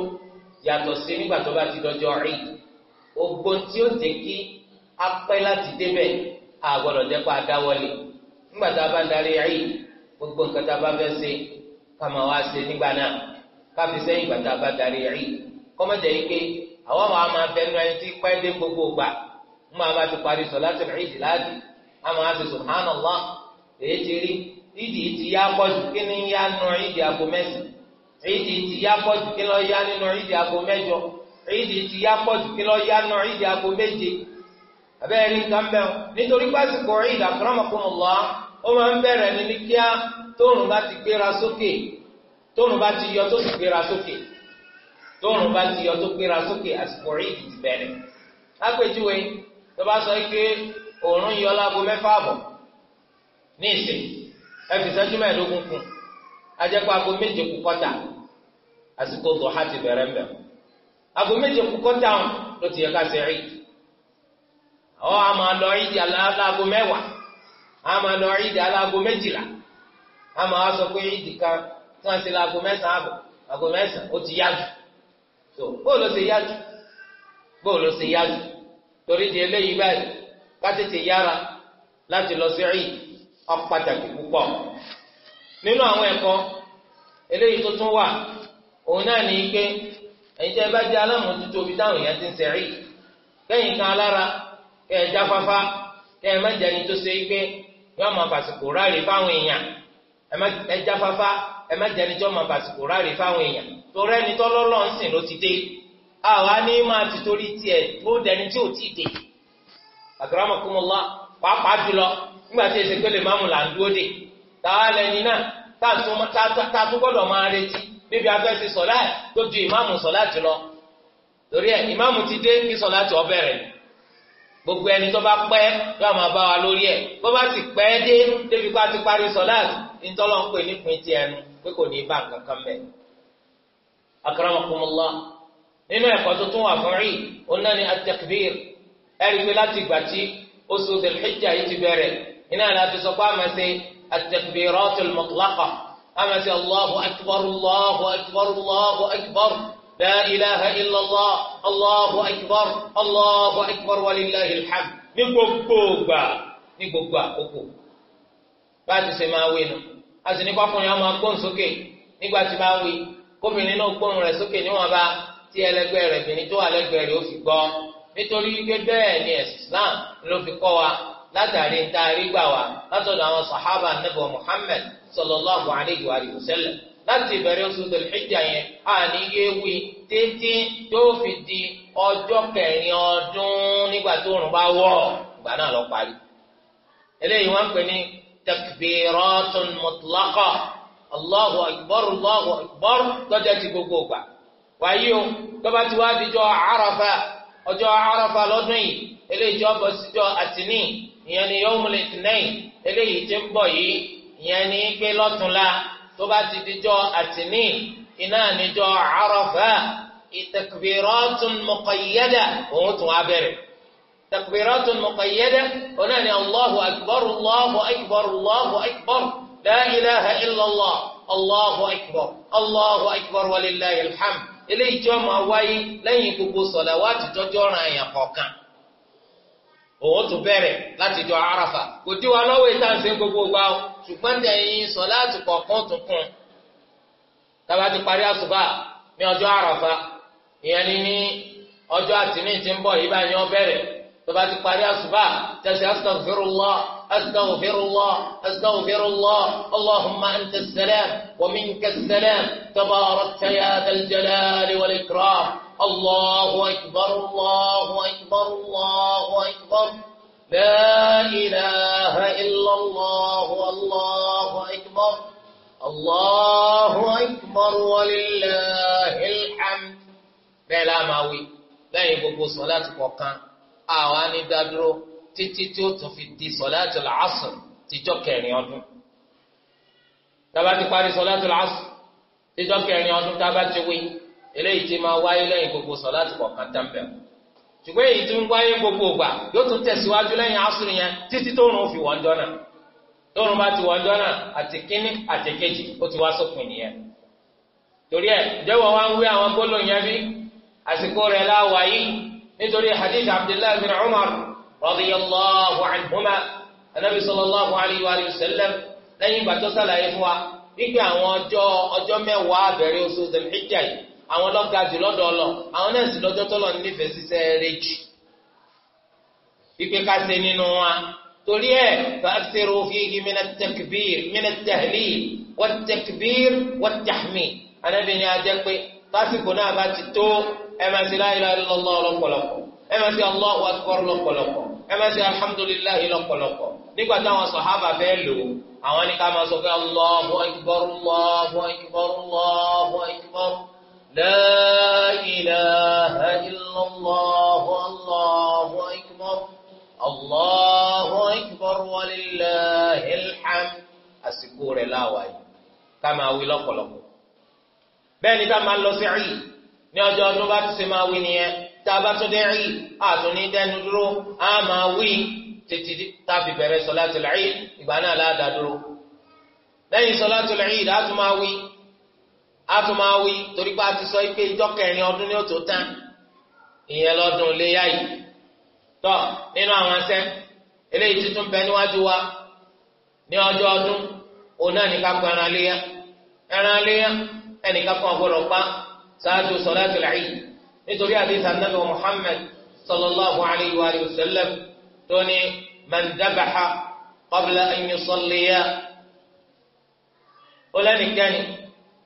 Speaker 1: yàtọ̀ sí nígbà tó bá ti dọjọ́ Eid ogbó tí ó jẹ́ kí apẹ́ láti débẹ̀ àgbọ̀dọ̀ jẹ́ pa dáwọ́lé. nígbà tá a bá ń darí ẹ̀yìn gbogbo nǹkan tá a bá fẹ́ ṣe ká máa wá ṣe nígbà náà ká fi sẹ́yìn ìgbà bá darí yìí pé àwọn àwọn àmà ẹni tí pẹ́ dé gbogbo gbà ń máa bá ti parí sọ láti rìn ìdí láti àmà èyí ti rí ìdí ti yá kí ni yá ìdí aago mẹ́sì ìdí ti yá kí yá nínú ìdí aago mẹ́jọ ìdí ti yá abẹ́rẹ́ rí nǹkan bẹ́ẹ̀ nítorí pásìkò ìdá ó máa ń bẹ̀rẹ̀ ní ní kíá tóòrùn bá ti gbéra sókè tóòrùn bá ti yọ tó ti gbéra sókè tóòrùn bá ti yọ tó gbéra sókè àsìkò ìdí ti bẹ̀rẹ̀ lápèjúwe tó bá sọ pé yọ mẹ́fà ní ìsìn ẹ fi ti bẹ̀rẹ̀ méje kọ́tà ló ti yẹ ká ọ a lọ ìdí aláago mẹ́wàá a ma lọ ìdí aláago méjìlá a máa sọ pé ìdí kan tí wọ́n ti láago mẹ́sàn-án àbọ̀ àgọ ó ti yájú tó bóòlù ṣe yájú bóòlù ṣe yájú torí di eléyìí báyìí yára láti lọ sí ìdí nínú àwọn eléyìí tó tún wà òun náà ní pé ẹ̀yin bá jẹ́ omi táwọn èèyàn ti ń kẹ ẹ jáfáfá kẹ ẹ má jẹni tó ṣe pé yọọ máa fàṣìkò ráre fáwọn èèyàn ẹ jáfáfá ẹ má jẹni tó máa ráre fáwọn èèyàn torí ẹni tó lọ́lọ́ ti dé àwa ní máa ti torí tiẹ̀ tó dẹni tí ò tí ì dé àgbàràmọ̀kúmọ̀lá pàápàá jùlọ nígbà tí èsì pé lè má mú là ń dúró dé táwa lẹni náà tá a tún máa retí afẹ́sí tó ju ìmáàmù sọ̀láàtì lọ torí ìmáàmù ti dé kí sọ̀láàtì ó gbogbo ẹni tó bá pẹ́ yóò máa bá wa lórí ẹ̀ bó bá sì pẹ́ dé débi pa ti parí sọ̀láàtì ntọ́lọ́ ń pè nípìn ti ẹnu pé kò ní í bá nǹkan kan bẹ̀. akramakumullah nínú ẹ̀kọ́ tó tún wà fún rí oná ni at pé láti ìgbà tí oṣù dhul yìí ti bẹ̀rẹ̀ iná láti sọ pé àmà ṣe at-takbiratul mutlaqa àmà ṣe allahu akbar allahu akbar allahu akbar. لا إله إلا الله الله أكبر الله أكبر ولله الحمد نقبوبا نقبوبا كوكو بعد سماوينا أزني بقول يا ما كون سكين نقبل سماوي kóbìnrin náà gbóhùn rẹ̀ sókè níwọ̀n bá tí ẹlẹgbẹ́ rẹ̀ bìnrin tó wà lẹ́gbẹ̀ẹ́ rẹ̀ ó fi gbọ́ nítorí wípé bẹ́ẹ̀ ni ẹ̀sìn Islam ló fi kọ́ wa látàrí ntaari gbà wá látọ̀dọ̀ àwọn sàhábà nàbọ̀ Muhammad sallallahu alayhi wa sallam láti ìbẹ̀rẹ̀ oṣù tẹ̀lifíjà yẹn ní yé wí títí yóò fi di ọjọ́ kẹrin ọdún nígbà tó òrùn bá wọ̀ ìgbà náà lọ parí. eléyìí wọ́n ń pè ní takbiratun mutlaqa allahu akbar allahu akbar lọ́jọ́ ti gbogbo gbà. o ti wá àràfà ọjọ́ àràfà lọ́dún yìí eléyìí àtìní ìyẹn ni eléyìí ti ń tó bá ti dijọ́ àtìní iná níjọ́ àràfà ìtàkùbìrọ́tún mọ̀kànyẹ́dà òun tún á bẹ̀rẹ̀ takbiratun muqayyada ona ni allahu akbar allahu akbar allahu akbar la ilaha illallah allahu akbar allahu akbar walillahi alhamd eléyìí tí máa wáyé lẹ́yìn gbogbo sọlá wàá ti tọjọ ọràn àyàn kọ̀ọ̀kan òun tún bẹ̀rẹ̀ láti jọ àràfà kò dí wa lọ́wọ́ ìtànṣe gbogbo wa o ṣùgbọ́n tẹ̀yìn sọ láti kọ̀ọ̀kan tuntun tába ti parí àsùbà ní ọjọ́ àràfà ìyẹn ni ní ọjọ́ àtìní ti ń bọ̀ yìí báyìí ó bẹ̀rẹ̀ tába ti parí àsùbà tẹ̀sí astaghfirullah astaghfirullah astaghfirullah allahumma anta as-salam wa minka as-salam الله أكبر الله أكبر الله أكبر لا إله إلا الله الله أكبر الله أكبر ولله الحمد bẹ́ẹ̀ la máa wí lẹ́yìn gbogbo sọ̀láàtì kọ̀ọ̀kan àwa ní dádúró títí tí ó tún fi di sọ̀láàtì làásùn tíjọ́ kẹrin ọdún. tábà ti parí sọ̀láàtì làásùn tíjọ́ kẹrin ọdún tábà ti wí eléyìí tí máa wáyé lẹ́yìn gbogbo sọ̀láàtì kọ̀ọ̀kan tẹ́ḿpẹ̀ ṣùgbọ́n èyí tí ń wáyé gbogbo ògbà yóò tún tẹ̀síwájú lẹ́yìn asúrù yẹn títí tóorùn fi wọ́n jọ náà tóorùn bá ti wọ́n jọ náà àti kínní àti kejì ó ti wá sópin nìyẹn torí ẹ jẹ́wọ́ wá ń wí àwọn gbólóhùn yẹn bí àsìkò rẹ̀ láwàá yìí nítorí hadith abdullahi bin umar radiyallahu anhuma anabi sallallahu alayhi wa sallam lẹ́yìn ìgbà wa wípé àwọn ọjọ́ ọjọ́ mẹ́wàá bẹ̀rẹ̀ oṣù zèmíjà àwọn lọ́ga jù lọ́dọ̀ ọlọ àwọn náà sì lọ́jọ́ tọ́lọ̀ nífẹ̀ẹ́ sísẹ́ rẹ̀ jù ìpè ká ṣe nínú wa torí ẹ̀ fàṣẹrò fíìgì mínàtẹ̀kbìr wàtẹ̀kbìr wàtẹ̀hmì anábìrin ajẹ́ pé tásìkò náà bá ti tó ẹ máa ṣe la ilaha illallah lọ́pọ̀lọpọ̀ ẹ máa ṣe Allahu akbar lọ́pọ̀lọpọ̀ ẹ máa ṣe alhamdulillahi lọ́pọ̀lọpọ̀ nígbà táwọn sọ̀hábà fẹ́ lò àwọn ní ká máa sọ pé Allahu akbar Allahu akbar Allahu akbar. لا إله إلا الله الله أكبر الله أكبر ولله الحمد àsìkò rẹ̀ láwàá yìí ká máa wí lọ́pọ̀lọpọ̀ bẹ́ẹ̀ ni ká máa lọ sí rí ní ọjọ́ ọdún bá ti ṣe máa wí nìyẹn tá a bá tún dé rí àtún ní dẹnu dúró á máa wí títí tá a fi bẹ̀rẹ̀ sọ̀látùl Eid ìgbà náà láàdá dúró lẹ́yìn sọ̀látùl Eid láti máa wí àtúmáwí torí pé a ti sọ pé ìjọ kẹrin ọdún ní òtò tán ìyẹn lọ́dún léyà yìí tọ́ nínú àwọn ẹsẹ̀ eléyìí tuntun bẹ níwájú wa ní ọjọ́ ọdún òun náà nìkan pa ẹran léyà ẹran léyà ẹnìkan kan gbọdọ̀ pa nítorí àdéhùn sallallahu alayhi wa sallam tó ní ó lẹ́nìkẹ́ni.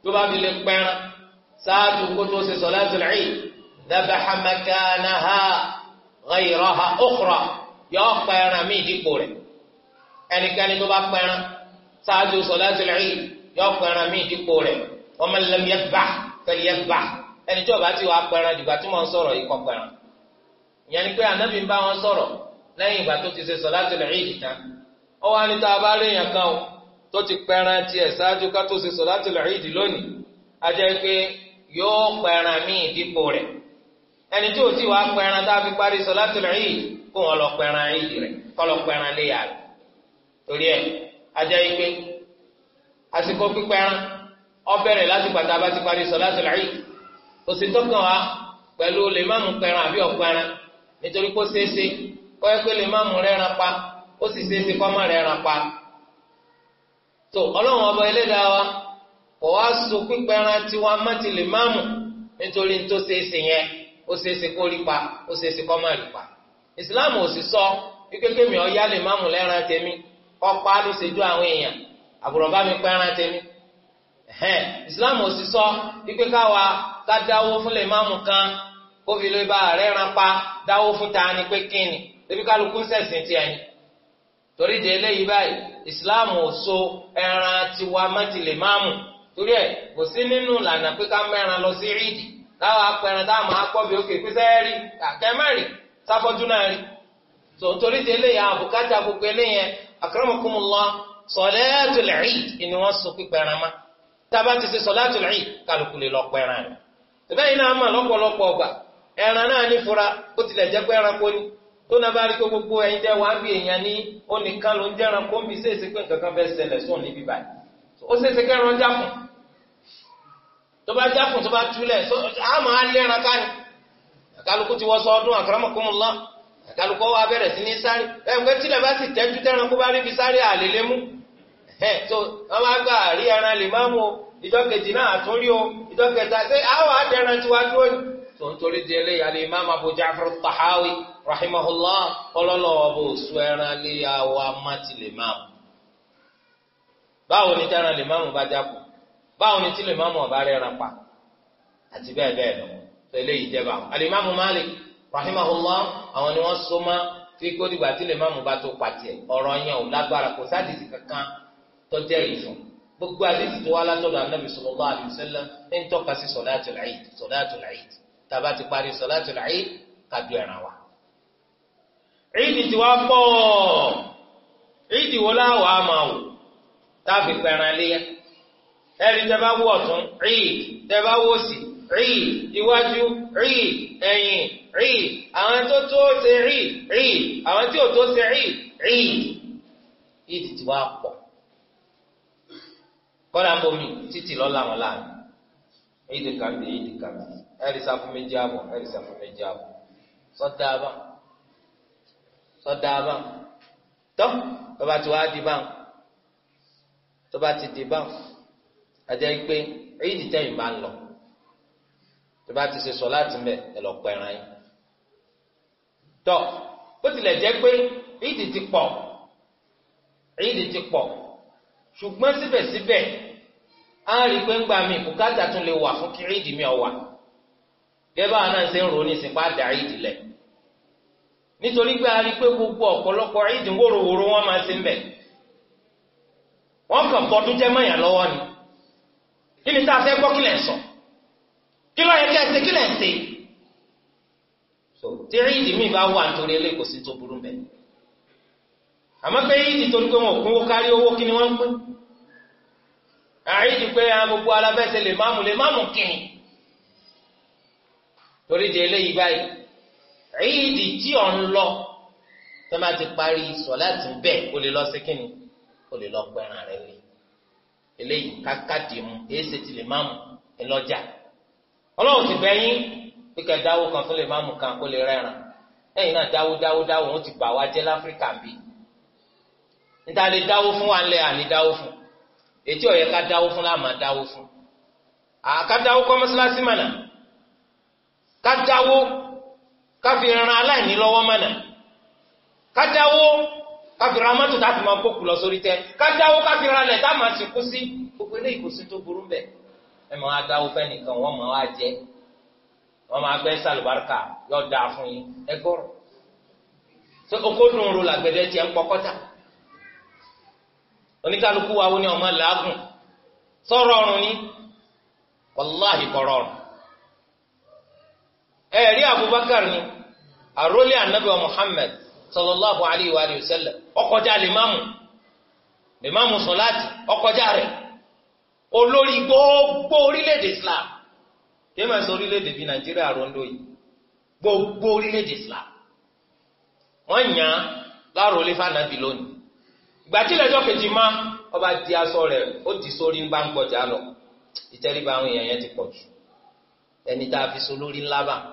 Speaker 1: tó bá fi lè pẹ́ran ṣáájú kó tó ṣe salatul Eid dabaha makanaha ghayraha ukhra yọ pẹ́ran mí ìdíkò rẹ̀ ẹnikẹ́ni tó bá pẹ́ran ṣáájú salatul Eid yọ pẹ́ran mí ìdíkò rẹ̀ wa man lam yadhbah falyadhbah ẹni tí ó bá ti wà pẹ́ran dìgbà tí wọ́n sọ̀rọ̀ ikọ̀ pẹ́ran ìyẹn ni pé ànábì ń bá wọn sọ̀rọ̀ lẹ́yìn ìgbà tó ti ṣe salatul Eid tán tó ti pẹran tiẹ̀ ṣáájú ká tó ṣe lọ Eid lónìí a jẹ́ pé yóò pẹran míì dípò rẹ̀ ẹni tí ò tí wàá pẹran tá a fi parí sọ̀látul Eid kó wọn lọ pẹran Eid rẹ k'ọ lọ pẹran léyà torí a jẹ́ pé àsìkò pípẹran ó bẹ̀rẹ̀ láti pàtà bá ti parí sọ̀látul Eid òsì tó kàn wá pẹ̀lú lè má mú pẹran àbí nítorí kó kó ẹ pé lè má mú pa ó sì kó má pa tó ọlọ́run ọba ẹlẹ́dàá wa kò wá so pípẹ́ran tiwa mọ́tìlẹ̀ máàmù nítorí tó ṣeéṣe yẹn ó ṣeéṣe kó rí pa ó ṣeéṣe kó má rí pa ìsìláàmù ò sì sọ kíkékè mi ọ̀yá lè máàmù lẹ́ran tèmi ọ̀pá ló ṣe ju àwọn èèyàn àbùrọ̀bá mi pẹ́ran tèmi ìsìláàmù ò sì sọ kíkékè káwa ká dáwó fún lè máàmù kan kó fi lè bá rẹ́ran pa dáwó fún ta ni pé kíni ebi kálukú ń ṣẹ̀sìn tiẹ̀ ni torí de eléyìí báyìí ìsìláàmù ò so ẹran tiwa mẹtìlẹ máàmù torí ẹ kò sí nínú ìlànà pé ká mẹran lọ sí ríìdì táwọn apẹran táwọn akọbi òkè pípẹ́ rí àkẹ́mẹ́rin sáfọ́jú náà rí torí de eléyìí àbùkátà gbogbo eléyẹn ni so pípẹ́ran má tábà ti ṣe salatul eid kálukú lè náà lọ́pọ̀lọpọ̀ ọgbà ẹran tó náà bá rí pé gbogbo ẹ̀yin tẹ́ wàá bí èèyàn ní onìkan ló ń jẹ́ran kó ń bí ṣèṣe pé nǹkan kan fẹ́ ṣẹlẹ̀ sóun níbí báyìí ó ṣèṣe kẹ́ran jáfùn tó bá jáfùn tó bá túlẹ̀ á máa lẹ́ran káni àkàlùkù ti sọ ọdún wa bẹ̀rẹ̀ sí ní sáré bá sì tẹ́jú bá rí bí sáré mú tó ń torí di eléyà lè Imam Abu Ja'far Tahawi rahimahullah ọlọ́lọ́wọ́ bó sùn ẹran léyà wa má ti lè máa mú. báwo ni tẹ́ran lè máa mú bá jápọ̀ báwo ni tí lè máa mú ọ̀bá rẹ̀ràn pa àti bẹ́ẹ̀ bẹ́ẹ̀ lọ tó eléyìí jẹ́ báwọn. Al-Imam Malik rahimahullah àwọn ni wọ́n so má fi kó tí lè bá tó pàtẹ́ ọ̀rọ̀ yẹn ò lágbára kò sádìsì kankan tó jẹ́ ìfún gbogbo àdìsí tó wá látọ̀dọ̀ Ànábì sallallahu alaihi wasallam ń tọ́ka sí sọ̀dáàtò làyìd sọ̀dáàtò làyìd tàbá ti parí sọlátul Eid kájú ẹran wa. Eid ti wá pọ̀ Eid wo láwọ̀ á máa wò táàfin pẹ̀ràn léyà ẹ̀rí tẹ́ bá wọ̀ ọ̀tún Eid tẹ́ bá wọ̀ sí Eid iwájú Eid ẹ̀yìn Eid àwọn tó tó ṣe Eid Eid àwọn tí ò tó ṣe Eid Eid Eid ti wá pọ̀ kọ́lá bomi títí lọ́la wọn láàrin Eid kàmbi Eid kàmbi ẹ̀rì sáfù méjì àbọ̀ ẹ̀rì sáfù méjì àbọ̀ sọ́dà bá sọ́dà bá tọ́ bàbá tí wàá di bá tó bá ti di bá àti ẹ̀ pé èyí ti tẹ̀yìn bá ń lọ tó bá ti ṣe sọ láti mẹ́ ẹ̀ lọ pẹ̀ràn yín tọ́ bó tilẹ̀ jẹ́ pé èyí ti ti pọ̀ èyí ti ti pọ̀ ṣùgbọ́n síbẹ̀síbẹ̀ á rí i pé ń gbà mí bùkátà tún lè wà fún kí èyí mi ọ̀ wà. gẹ́gẹ́ àwọn náà ṣe ń ronú ìsìnkú àdàrí ìdílẹ̀ nítorí pé a rí pé gbogbo ọ̀pọ̀lọpọ̀ ìdín wóróworó wọn máa ṣe ń bẹ̀ wọ́n kàn fọdún jẹ́ mọ́yàn lọ́wọ́ ni kí ni tá a fẹ́ gbọ́ kílẹ̀ ń sọ kí lọ́ọ́ kí ẹ ṣe kílẹ̀ ń ṣe tí ìdí mi bá wà nítorí eléyìí sí tó burú àmọ́ pé torí pé wọn ò kárí owó kí ni wọ́n ń pín torí de eléyìí báyìí ìdí tí ò ń lọ tó máa ti parí sọláàtì ń bẹ o lè lọ sí kínní o lè lọ pẹran rẹ lé eléyìí kákàdé mu èsì ti lè máàmù ńlọjà ọlọ́run ti bẹ́yìn bí ká dáwó kan fún lè máàmù kan kó lè rẹ́ràn lẹ́yìn náà dáwó dáwó dáwó wọn ti bà wá jẹ́ láfíríkà bí níta lè dáwó fún wa ńlẹ̀ àní dáwó fún ètí ọ̀yẹ́ ká dáwó fún láàmà dáwó fún àká kọ́ mọ́sálásí mọ̀nà ká dáwó
Speaker 2: ká fi ran aláìní lọ́wọ́
Speaker 1: mọ̀nà ká dáwó ká fi ra mọ́tò tá a fi máa kókù lọ sórí tẹ ká dáwó ká fi ra lẹ̀ tá a máa sìnkú sí gbogbo eléyìí kò tó burú bẹ́ẹ̀ ẹ máa dáwó fẹ́nìkan wọ́n máa wá jẹ́ wọ́n máa gbẹ́ sàlùbáríkà yọ dáa fún yín ẹ gbọ́rọ̀ ṣé oko dùn ro làgbẹ̀dẹ tiẹ̀ ń pọkọ́tà oníkálukú wa wo ni ọmọ làágùn sọ̀rọ̀ ọ̀run ni wàláhì kọ̀rọ̀ ọ̀run ẹ̀rí abubakar ni àrólé anabi wa muhammed sallallahu alayhi wa sallam ọkọjá limamu limamu sọláàtì ọkọjá rẹ̀ olórí gbogbo orílẹ̀-èdè islam kí máa sọ orílẹ̀-èdè bíi nàìjíríà ròndó yìí gbogbo orílẹ̀-èdè islam wọ́n yàn án láròlé fànàbí lónìí gbàtí lẹ́jọ́ kejì má ọba di aṣọ rẹ̀ ó di sórí ń bá ń gbọ́jà lọ ìtẹríba àwọn èèyàn yẹn ti pọ̀ jù ẹni tá a fi so lórí ńlá báà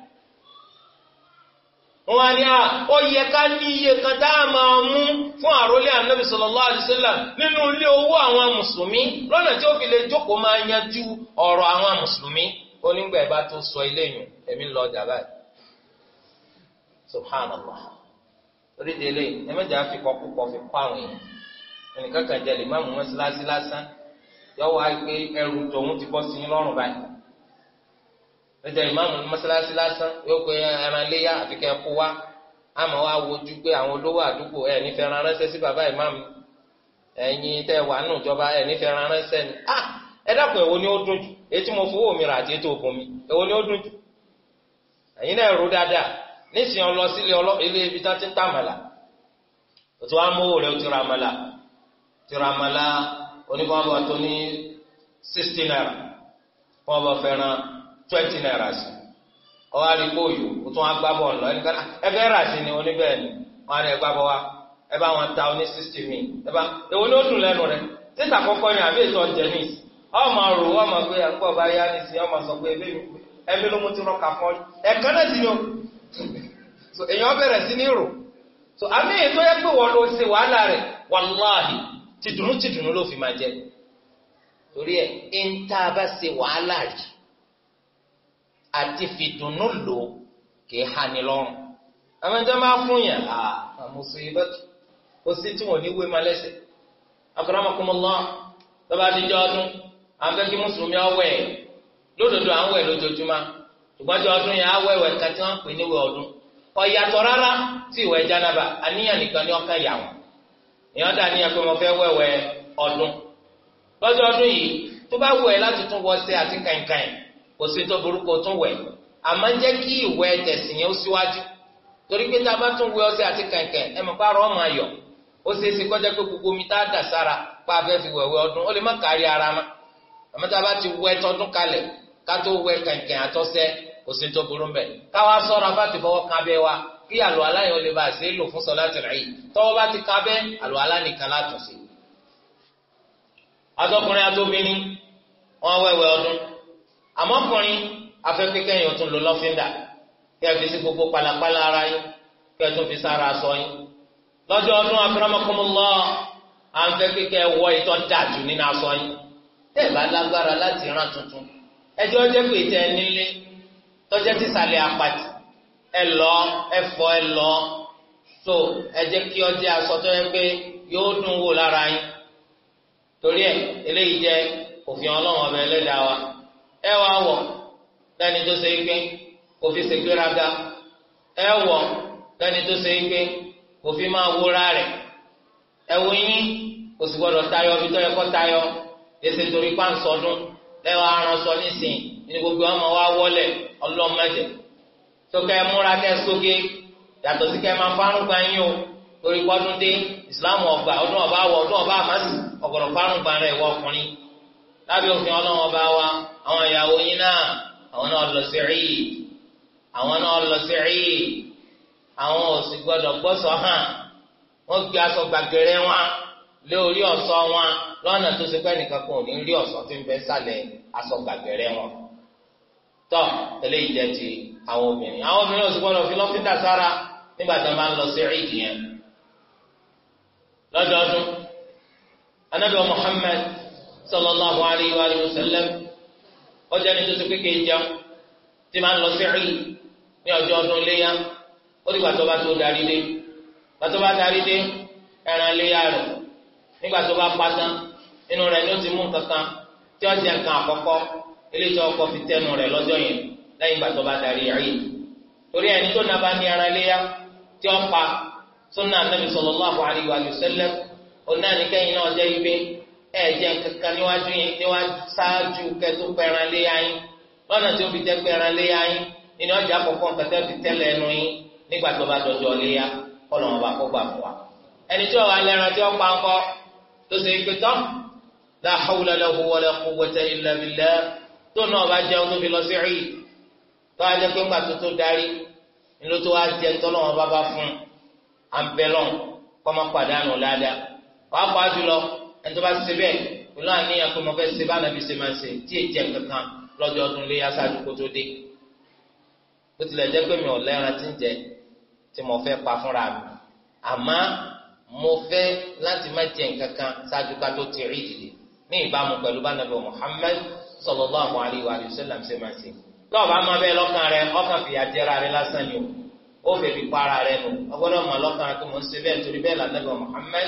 Speaker 1: wọ́n ní à ó yẹ ká ní iye kan dáa mú fún àrólé ànábì sallallahu alaihi nínú ilé owó àwọn mùsùlùmí lọ́nà tí ó fi lè jókòó máa yanjú ọ̀rọ̀ àwọn mùsùlùmí onígbà ẹ̀ tó sọ ilé yùn ẹ̀mí lọ dàbà subhanallah orí ẹ̀mẹ́jà fi fi kọ́ àwọn èèyàn ẹnìkan jẹ́ lè má mú lásán ẹjẹ ìmáàmù mọ́sálásí lásán yóò pé ẹran léyà àfi kẹ́ ẹ kó wá àmọ́ wá wojú pé àwọn olówó àdúgbò ẹ̀ nífẹ̀ẹ́ ránṣẹ́ sí bàbá ìmáàmù ẹ̀yin tẹ́ wà nù ìjọba ẹ̀ nífẹ̀ẹ́ ránṣẹ́ ni ah ẹ dákun èwo ni ó dùn jù etí mo fowó mi rà àti ètò ògùn mi èwo ni ó dùn jù ẹ̀yin náà rò dáadáa nísìnyí ọlọ sílé ọlọ ilé ibi tá ti ń tàmàlà òtún wa mú òòrè ti ràmàlà ti ràmàlà oníkọ́ bọ̀ tó ní sixty naira kọ́ bọ̀ fẹ́ràn twenty naira si ọwọ́ àríkó yò ó tún wá gbá bọ́ọ̀lù lọ ẹnìkan ah, ẹgbẹ́ rà sí ni oníbẹ̀ẹ́ wọn á ní bọ́ wa ẹ bá wọn ta oní sixty mi ẹ bá èwo ni ó dùn lẹ́nu rẹ títà kọ́kọ́ ni àbí ọmọ rò ọmọ pé ẹ̀kọ́ ọba yá ní ìsì ọmọ sọ pé ẹbí ló mú ti rọ́ọ̀kà fún ọ ẹ̀kan náà ti bẹ̀rẹ̀ sí so àmì ètò yẹ pé wọ́n ló ṣe wàhálà rẹ̀ wàláhì tìdùnnú àti fìdùnnú lò kìí hani lọ́rùn àwọn ẹjọ́ máa fún yàn á àmùsù osisi kò sí tí wọ́n ní wé máa lẹ́sẹ̀ ọdún kí mùsùlùmí ọwẹ́ lódodo àwọn ẹ̀ lójoojúmọ́ ọdún yẹn awẹ́ kan tí wọ́n pè níwẹ̀ ọdún ọ̀yàtọ̀ rárá tí ìwẹ̀ àníyàn nìkan ni ọkàn yà wọ́n èèyàn dà kò sí tó burúkú tún wẹ̀ àmọ́ jẹ́ kí ìwẹ̀ tẹ̀sìn yẹn ó síwájú torí pé tá a bá tún wẹ̀ ọṣẹ àti kẹ̀kẹ́ ẹ mọ̀ pààrọ̀ ọmọ ayọ̀ ó ṣe é ṣe gbogbo omi tá a dà sára pa abẹ́ fi wẹ̀wẹ̀ ọdún ó lè má kárí ara mọ́ àmọ́ tá a bá ti wẹ̀ tọdún kalẹ̀ ká tó wa kí àlọ́ aláyọ̀ lè bá ṣe é lò fún ka àmọ́ ọkùnrin afẹ́kẹ́kẹ́ yẹn tún lo lọ́fíńdà kí ẹ fi sí gbogbo palapala ara yín kí ẹ tún fi sára aṣọ yín lọ́jọ́ ọdún akramakumullah afẹ́kẹ́kẹ́ wọ ìtọ́ dàjù nínú aṣọ yín tẹ́ ẹ bá lágbára láti rán tuntun ẹjọ́ jẹ́ pé tẹ́ nílé tọ́jẹ́ ti sàlẹ̀ apàtì ẹ lọ ẹ fọ ẹ lọ so ẹ jẹ́ kí ọjẹ́ aṣọ tó yẹ pé yóò dùn wò lára yín torí ẹ eléyìí jẹ́ òfin ọlọ́run ọbẹ̀ ẹlẹ́dàá wa. ẹ wọ! wọ̀ lẹ́ni tó ṣe é pé kò fi ṣègbéraga ẹ wọ̀ lẹ́ni tó ṣe ma pé kò fi máa wúra rẹ̀ tayo wo yín kò sì gbọdọ̀ tayọ bí tọ́yẹ kọ́ tayọ èsì torí pàǹsọ̀dún lẹ́wọ̀ aránṣọ nísìn ní gbogbo ọmọ wa wọlẹ ọlọ́mọdé tó múra sókè sí lábẹ́ òfin ọlọ́wọ́n bá wa àwọn ìyàwó yín náà àwọn náà lọ sí rí àwọn náà lọ sí rí àwọn òsì gbọ́dọ̀ gbọ́sọ̀ hàn wọ́n gbé aṣọ gbàgẹ̀rẹ̀ wọn lé orí wọn lọ́nà tó ṣe nìkan kan rí ń sálẹ̀ aṣọ wọn. tọ́ ti àwọn obìnrin àwọn obìnrin òsì gbọ́dọ̀ fi lọ́fíńdà sára nígbà tí wọ́n bá ń lọ sí rí ìdíyẹn sallallahu alayhi wa sallam ọjà ni tó ti kéke jẹun tí máa ń lọ sí ẹ̀yìn ní ọjọ́ ọdún léyà ó dìgbà tó bá tó darí dé gbà tó bá darí dé ẹran léyà rẹ̀ nígbà tó bá pa tán inú rẹ̀ ni ó ti mú kankan tí ọjà kan àkọ́kọ́ eléyìí ọkọ̀ fi tẹnu rẹ̀ lọ́jọ́ yẹn lẹ́yìn ìgbà tó bá darí ẹ̀yìn torí ẹni tó nàbá ní ẹran léyà tí ó pa sunna anabi sallallahu alayhi wa sallam ọ̀nà ẹ̀jẹ̀ kankan níwájú yẹn níwájú ṣáájú kẹtó pẹran lé ayín lọ́nà tí ó fi jẹ́ pẹran lé ayín nínú ọjà àkọ́kọ́ nǹkan tẹ́ fi tẹ́lẹ̀ ẹnu yín nígbà tó bá dọjọ́ lé ya kọ́nà wọn bá fún wa. ẹni tí ọ̀wá lẹ́ran tí ó pa ńkọ́ tó ṣe é pé tán la hawla lahu wala quwwata illa billah tó náà bá jẹun tó fi lọ sí rí tó wá jẹ pé ńgbà tó darí nílò ẹni tó bá ṣe bẹ́ẹ̀ pẹ̀lú àníyàn pé mo fẹ́ ṣe bá nàbí ṣe máa ṣe tí èyí jẹ kankan lọ́jọ́ ọdún lé aṣáájú kó tó dé bó tilẹ̀ jẹ́ pé mi ò lẹ́ran tí ń jẹ tí mo fẹ́ pa fúnra mi àmọ́ mo fẹ́ láti má jẹ nǹkankan ṣáájú ká tó ti rí ìdílé ní ìbámu pẹ̀lú bá nàbí Muhammad sallallahu alayhi wa sallam ṣe máa ṣe lọ́ọ̀ bá máa bẹ́ẹ̀ lọ́kàn rẹ ọkàn fìyà jẹra rẹ lásán ni o ó fẹ́ fi para rẹ nù ọgbọ́dọ̀ mọ̀ lọ́kàn rẹ pé mo ń ṣe bẹ́ẹ̀ torí bẹ́ẹ̀ lànàbí Muhammad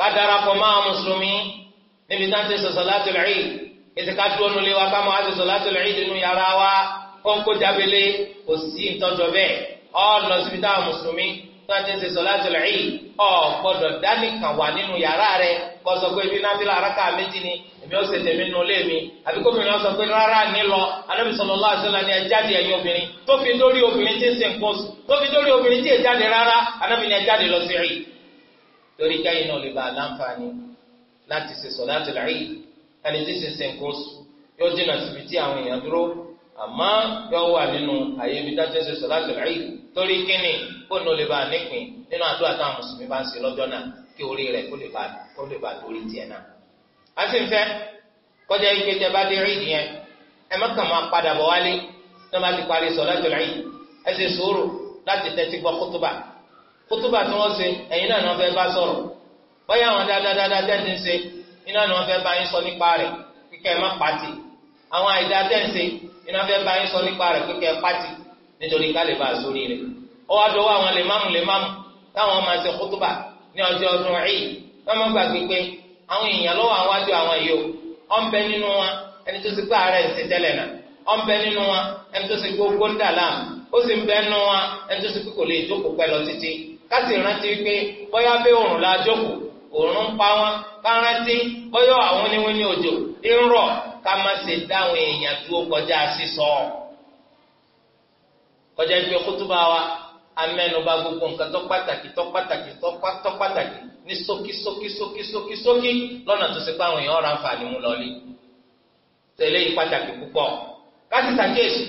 Speaker 1: ká darapọ̀ mọ́ àwọn mùsùlùmí níbi tí wọ́n ti ṣe salatul Eid ètò ká dúró nulẹ̀ wa ká mọ́ àti salatul Eid nínú yàrá wa kọ́ńkó jábélé kò sí ìtọ́jọ bẹ́ẹ̀ ọ lọ síbi táwọn mùsùlùmí tí wọ́n ti ṣe salatul Eid ọ gbọ́dọ̀ dánìkan wà nínú yàrá rẹ kó sọ pé ibi náfìlà àràkà méjì ni èmi ó ṣe tèmi nù lé mi àbí gómìnà sọ pé rárá ní lọ Ànábì sallallahu alaihi wasallam ni ẹ jáde ẹ̀yin obìnrin tó fi dórí obìnrin tí ń ṣe nǹkan tó fi dórí obìnrin tí ẹ jáde rárá Ànábì ni ẹ jáde lọ sí rí torí káyìn náà lè ba àlàǹfààní láti ṣe sọ̀láàtì láàyè ẹni tí ṣe ṣe nǹkan oṣù yóò jìnnà síbi tí àwọn èèyàn dúró àmọ́ yóò wà nínú àyè ibi tá a ti ṣe sọ̀láàtì láàyè torí kíni kó ní o lè ba nípìn nínú àdúrà táwọn mùsùlùmí bá ń ṣe lọ́jọ́ náà kí orí rẹ̀ kó lè ba kó lè ba lórí tiẹ̀ náà. a sì ń fẹ́ kọjá ike tẹ bá dé rí ìdíyẹn ẹ má máa padà bọ̀ wálé tí wọ́n bá ti parí sọ̀láàtì láàyè ẹ ṣe sùúrù láti tẹ́tí gbọ́ kútúbà kútúbà tí wọ́n ṣe ẹ̀yin náà ni wọ́n fẹ́ bá sọ̀rọ̀ bóyá àwọn dáadáa tẹ́ǹtì ń ṣe iná ni wọ́n fẹ́ bá yín sọ nípa rẹ̀ kíkẹ́ ẹ má pàtì àwọn àìdá tẹ́ǹtì iná fẹ́ bá yín sọ nípa rẹ̀ kíkẹ́ ẹ pàtì nítorí ká bá a sórí rẹ̀ ó wá dọwọ́ àwọn lèmámù lèmámù táwọn máa ṣe kútúbà ní ọjọ́ ọdún ẹ̀yìn wọ́n má gbàgbé pé àwọn èèyàn lọ́wọ́ àwájú àwọn yìí o ó ń bẹ nínú wọn ẹni tó ti gbé àárẹ̀ ń ṣe tẹ́lẹ̀ náà ó ń bẹ nínú wọn ẹni tó ti gbé ogbó ń dà láàmú ó sì ń bẹ nínú wọn ẹni tó ti gbé kásì rántí pé bóyá bẹ́ òrùn la jókòó òrùn ń pa wọn ká rántí bóyá àwọn oníwọ̀n ní òjò ń rọ̀ ká má ṣe dáhùn èèyàn tó kọjá sísọ. kọjá ìgbé kútúbà wa amẹ́nuba gbogbo nǹkan tó pàtàkì tó pàtàkì tó pàtàkì ní ṣókí ṣókí ṣókí ṣókí ṣókí lọ́nà tó ṣe pé àwọn èèyàn ọ̀rọ̀ àǹfààní mú lọ lé tẹ̀lé yìí pàtàkì púpọ̀ káṣí sàkíyèsí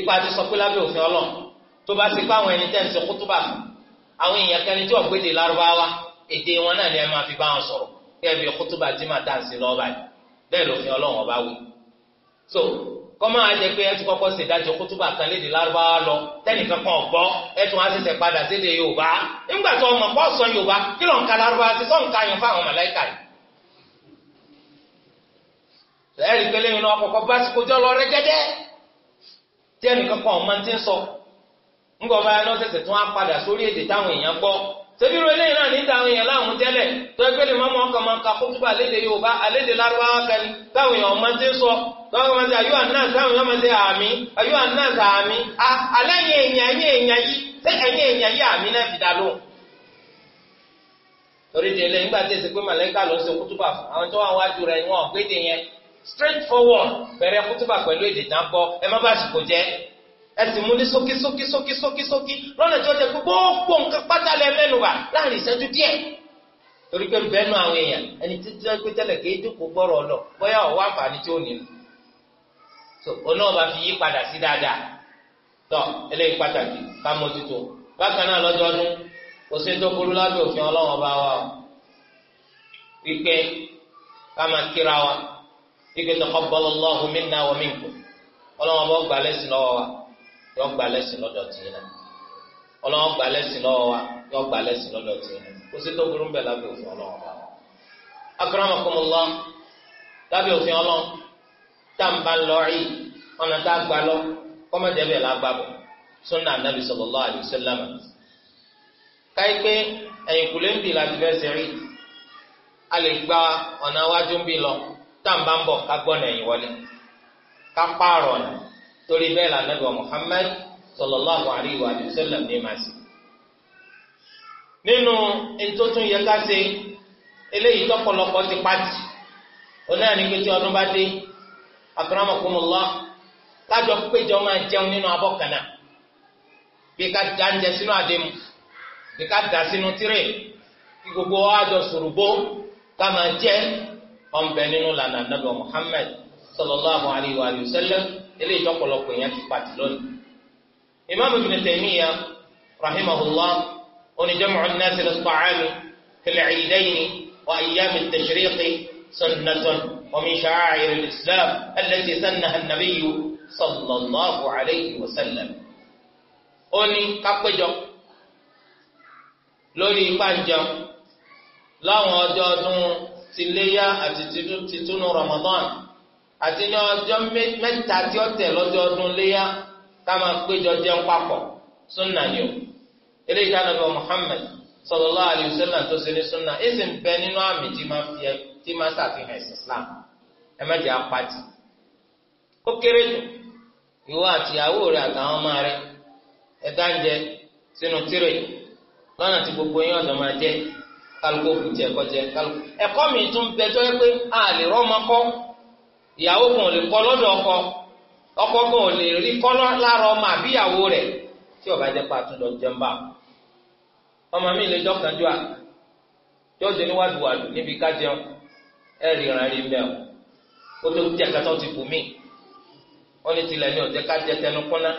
Speaker 1: ipa ti sọ pé lábẹ́ òfin ọlọ́run tó bá ti pé ẹni tẹ́ ń ṣe kútúbà fún àwọn èèyàn kan ní tí wọ́n gbéde lárúbáwá èdè wọn náà ni ẹ máa fi bá wọn sọ̀rọ̀ kẹ́ bí kútúbà tí màá tà sí lọ́ọ́ báyìí bẹ́ẹ̀ lòfin ọlọ́run ọba wí. so kọ́mọ́ àjẹ pé ẹ ti kọ́kọ́ ṣe ìdájọ́ kútúbà kan léde lárúbáwá lọ tẹ́nìkan kan ọ̀gbọ́ ẹ tún á ṣẹ̀ṣẹ̀ padà séde yorùbá nígbà tó ọmọ pọ́ sọ yorùbá kí ló ń ka lárúbáwá sí sọ́ǹkà yẹn fáwọn màláìkà yìí. ẹ̀rí pé lẹ́yìn náà ọkọ̀ kọ́ bá ngọba báyìí lọ́sẹ̀sẹ̀ tún á padà sórí èdè táwọn èèyàn gbọ́ tẹbírú eléyìí náà níta àwọn èèyàn láàmú tẹ́lẹ̀ tó ẹgbẹ́ lè mọ́mọ́ ọkàn máa ka kútúbà léde Yorùbá aléde lárúbáwá kan táwọn èèyàn máa ti sọ táwọn máa ti ayú àná táwọn èèyàn máa ti àmì ayú àná àmì èèyàn èèyàn yìí èèyàn yìí àmì náà fi dá lóhùn. torí nígbà tí àwọn tó wà wájú rẹ̀ ẹ sì mú ní sókí sókí sókí sókí sókí lọ́nà tí ó jẹ́ pé gbogbo nǹkan pátá lẹ mẹ́nuba láàrin ìṣẹ́jú díẹ̀ torí pé bẹ́ẹ̀nu àwọn èèyàn ẹni tí tí wọ́n pé tẹ́lẹ̀ kéé dúkò gbọ́rọ̀ ọ̀lọ́ bóyá ọ̀wá àǹfààní tí ó nínú so onáwó bá fi yí padà sí dáadáa tọ eléyìí pàtàkì ká mójútó bákan náà lọ́dọọdún kò sí tó burú lábẹ́ òfin ọlọ́wọ́n bá wà ó wípé ká máa kíra wa wípé taqabbalallahu minna wa minkum ọlọ́wọ́n bá gbà lẹ́sìn lọ́wọ́ wa. yọ gba lẹ́sìn lọ́dọ̀ tìyẹn náà lẹ́sìn lọ́wọ́ wa yọ lẹ́sìn lọ́dọ̀ tìyẹn kò sí tó burú bẹ́ẹ̀ lábẹ́ òfin ọlọ́wọ́ wa. akramakumullah lábẹ́ òfin ọlọ́wọ́ tá n bá lọ rí ọ̀nà tá a gbà lọ kọ́mọ̀jẹ́ bẹ́ẹ̀ bọ̀ sunna anabi sallallahu alayhi wa sallam káyipé ẹ̀yìn kùlé ń bì láti fẹ́ sẹ́rí a lè gba ọ̀nà ń bì lọ tá n bá ń bọ̀ ká torí bẹ́ẹ̀ la nabi wa Muhammad sallallahu alayhi wa sallam ní ma sí. nínú ntótó yẹ ká ṣe eléyìí tọ́pọ̀lọpọ̀ ti pàtì onáà ní pété ọdún bá dé akramakumullah kájọ péjọ máa jẹun nínú abọ́ kan náà bí ká da ń jẹ sínú àdému bí ká da sínú tirẹ̀ kí gbogbo àjọ sòrògbó ká máa jẹ ọ̀nbẹ nínú lànà nabi Muhammad sallallahu alayhi wa sallam eléyìí tọ́pọ̀lọpọ̀ èèyàn ti pàtì lónìí. imaamu ibn taymiya rahimahullah oníjàmù an-nasi lis-ta'ami fil-'iidayni wa ayyami at-tashriqi sunnatun wa min sha'a'iri al-islam allati sannaha an-nabiyyu sallallahu alayhi wa sallam. ó ní kápẹ́jọ lórí ìpànjọ láwọn ọjọ́ ọdún tiléyà àti titunu ramadan. àti ní ọjọ́ mẹ́ta tí ó tẹ̀ lọ́jọ́ ọdún léyà ká máa péjọ jẹun papọ̀ sunna ni o eléyìí tá nàbẹ Muhammad sallallahu alayhi wa tó ṣe ní sunna èsì ń bẹ nínú àmì tí máa fi ẹ tí máa ṣàfihàn ẹsìn ẹ má jẹ kéré ìwọ àtìyàwó rẹ àtàwọn ọmọ rẹ sínú gbogbo yín ọ̀dọ́ máa jẹ kálukó kùjẹ kọjẹ kálukó ìyàwó kan ò lè kọ́ lọ́dọ̀ ọkọ ọkọ kan ò lè rí kọ́ lára ọmọ àbí ìyàwó rẹ̀ tí ó jẹ́ pa àtúndọ̀ jẹun ọmọ mi lè jọkànjú à jọ́jọ́ níwájúwájú níbi ká jẹun ẹ̀ rí ìran rí mẹ́ọ̀ ó tó jẹ́ kátó ti bù mí wọ́n ní tilẹ̀ ní ọ̀jẹ́ ká jẹ tẹnu kúnná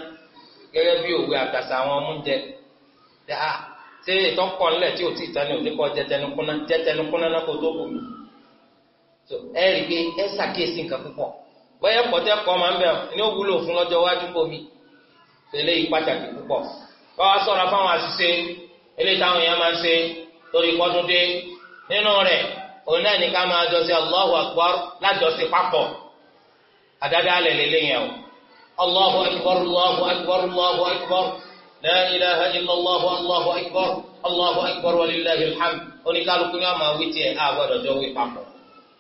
Speaker 1: gẹ́gẹ́ bí òwe àtàsà àwọn ọmúnjẹ dáa ṣé ìtọ́kọ̀ ńlẹ̀ tí ò tí ì tán ní òjẹ́ kọ́ tẹnu kúnná jẹ tẹnu kúnná náà kó tó bù mí. ẹ rí i pé ẹ ṣàkíyèsí nǹkan púpọ̀ bọ́yá pọ̀tẹ́ kọ́ máa ń bẹ̀ ní ó fún lọ́jọ́ iwájú bòmí tẹ̀lé yìí pàtàkì púpọ̀ báwa sọ̀rọ̀ fáwọn àṣìṣe eléyìí táwọn èèyàn máa ń ṣe lórí pọ́tún dé nínú rẹ̀ òun náà ní máa o Allahu Akbar Allahu Akbar Allahu Akbar la ilaha illallah Allahu Akbar Allahu Akbar ni máa wí tiẹ̀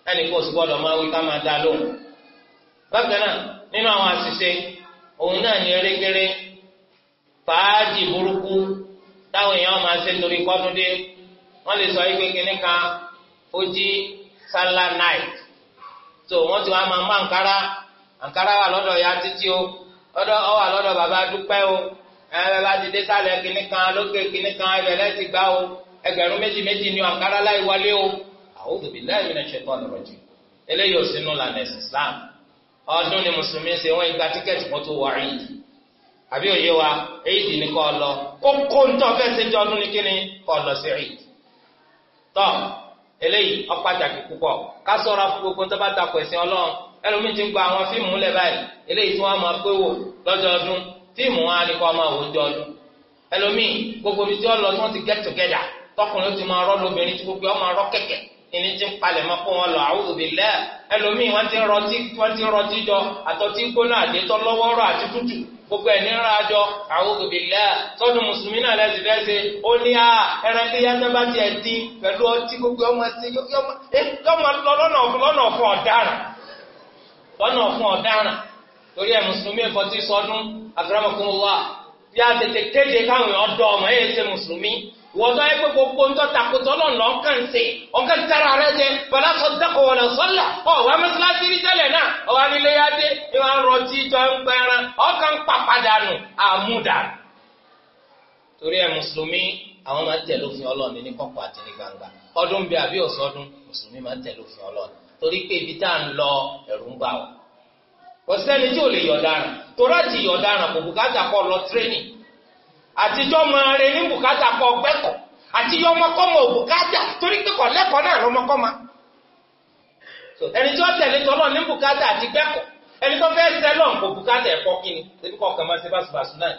Speaker 1: ẹnì kò sì gbọ́dọ̀ máa wí ká máa dá lóhùn. bákan náà nínú àwọn àṣìṣe òun náà ní erékeré fàájì burúkú táwọn èèyàn máa ṣe torí kọ́dúndé wọ́n lè sọ wípé kínní kan ó jí sálá náìt tó wọ́n ti wá máa mú àǹkárá àǹkárá wà lọ́dọ̀ ya títí o lọ́dọ̀ ọ wà lọ́dọ̀ bàbá dúpẹ́ o ẹ bá ti dé sálẹ̀ kínní kan lókè kínní kan ẹbẹ̀ lẹ́sìn gbá o ẹgbẹ̀rún méjì méjì ni àǹkárá láì wọlé o a'udhu billahi minash shaitani rajim eléyìí ò sínú lànà ẹ̀sìn islam ọdún ni mùsùlùmí ṣe wọ́n igba tíkẹ́ẹ̀tì kan tó wọ ẹ̀yìn àbí òye wa ẹ̀yìn ni kò lọ kókó ńtọ́ fẹ́ ṣe jẹ́ ọdún ní kíni kò lọ sí ẹ̀yìn tọ́ eléyìí ọ̀pàtàkì púpọ̀ ká sọ̀rọ̀ fún gbogbo tó bá takò ẹ̀sìn ọlọ́run ẹlòmíín ti ń gba àwọn fíìmù lẹ̀ báyìí eléyìí tí wọ́n máa pé wò lọ́jọ́ ọdún fíìmù wọn á ní kó máa ìní ti ń palẹ̀ mọ́ pé wọ́n lọ a'udhu billah ẹlòmíì wọ́n ti rọtí wọ́n ti rọtí jọ àtọ́tí gbóná àdétọ́ gbogbo ẹ̀ ní rájọ a'udhu billah sọ́dún mùsùlùmí náà lẹ́sì fẹ́ ó ní à ẹran tí yá sábà tiẹ̀ dín pẹ̀lú ọtí gbogbo ọmọ eh, ẹsẹ̀ lọ́nà ọ̀fun ọ̀daràn lọ́nà ọ̀fun ọ̀daràn torí ẹ̀ wọ́n tọ́ ẹ pé gbogbo ń tọ́ takòtò lọ́n lọ́n kàn sí ọ̀kàn tẹ́ra rẹ jẹ bala sọ́dọ̀kọ̀ wọ̀lọ̀ sọ́là ọ̀ wà mẹ́sàlásì rí tẹ́lẹ̀ náà ọ̀wá nílé yá dé ìwà ń rọtí jọ ń pẹran ọ̀kàn pàpàdánù àmúdànù. torí ẹ mùsùlùmí àwọn máa ń tẹ̀lé òfin ọlọ́ọ̀ni ní kọ̀kọ̀ àti ní gbangba ọdún bíi àbí ọ̀sọ́dún mùsùlùmí máa ń tẹ̀lé òfin ọlọ́ọ̀ni torí pé ibi tá à ń lọ ẹ̀rù ń bà wọ́n. kò sẹ́ni tí ò lè yọ̀ dára torí àti yọ̀ dára kò bùkátà àtijọ́ máa rẹ ní bùkátà kọ gbẹ́kọ̀ àtijọ́ ọmọkọ́mọ òbùkátà torí kíkọ̀ lẹ́kọ̀ọ́ náà lọ́mọkọ́mọ. ẹni tí wọ́n tẹ̀lé ní bùkátà àti gbẹ́kọ̀ ẹni tó fẹ́ sẹ́lọ̀ kò bùkátà ẹ̀kọ́ kí ni ebi kọ̀ kàn máa báṣubàṣu náà.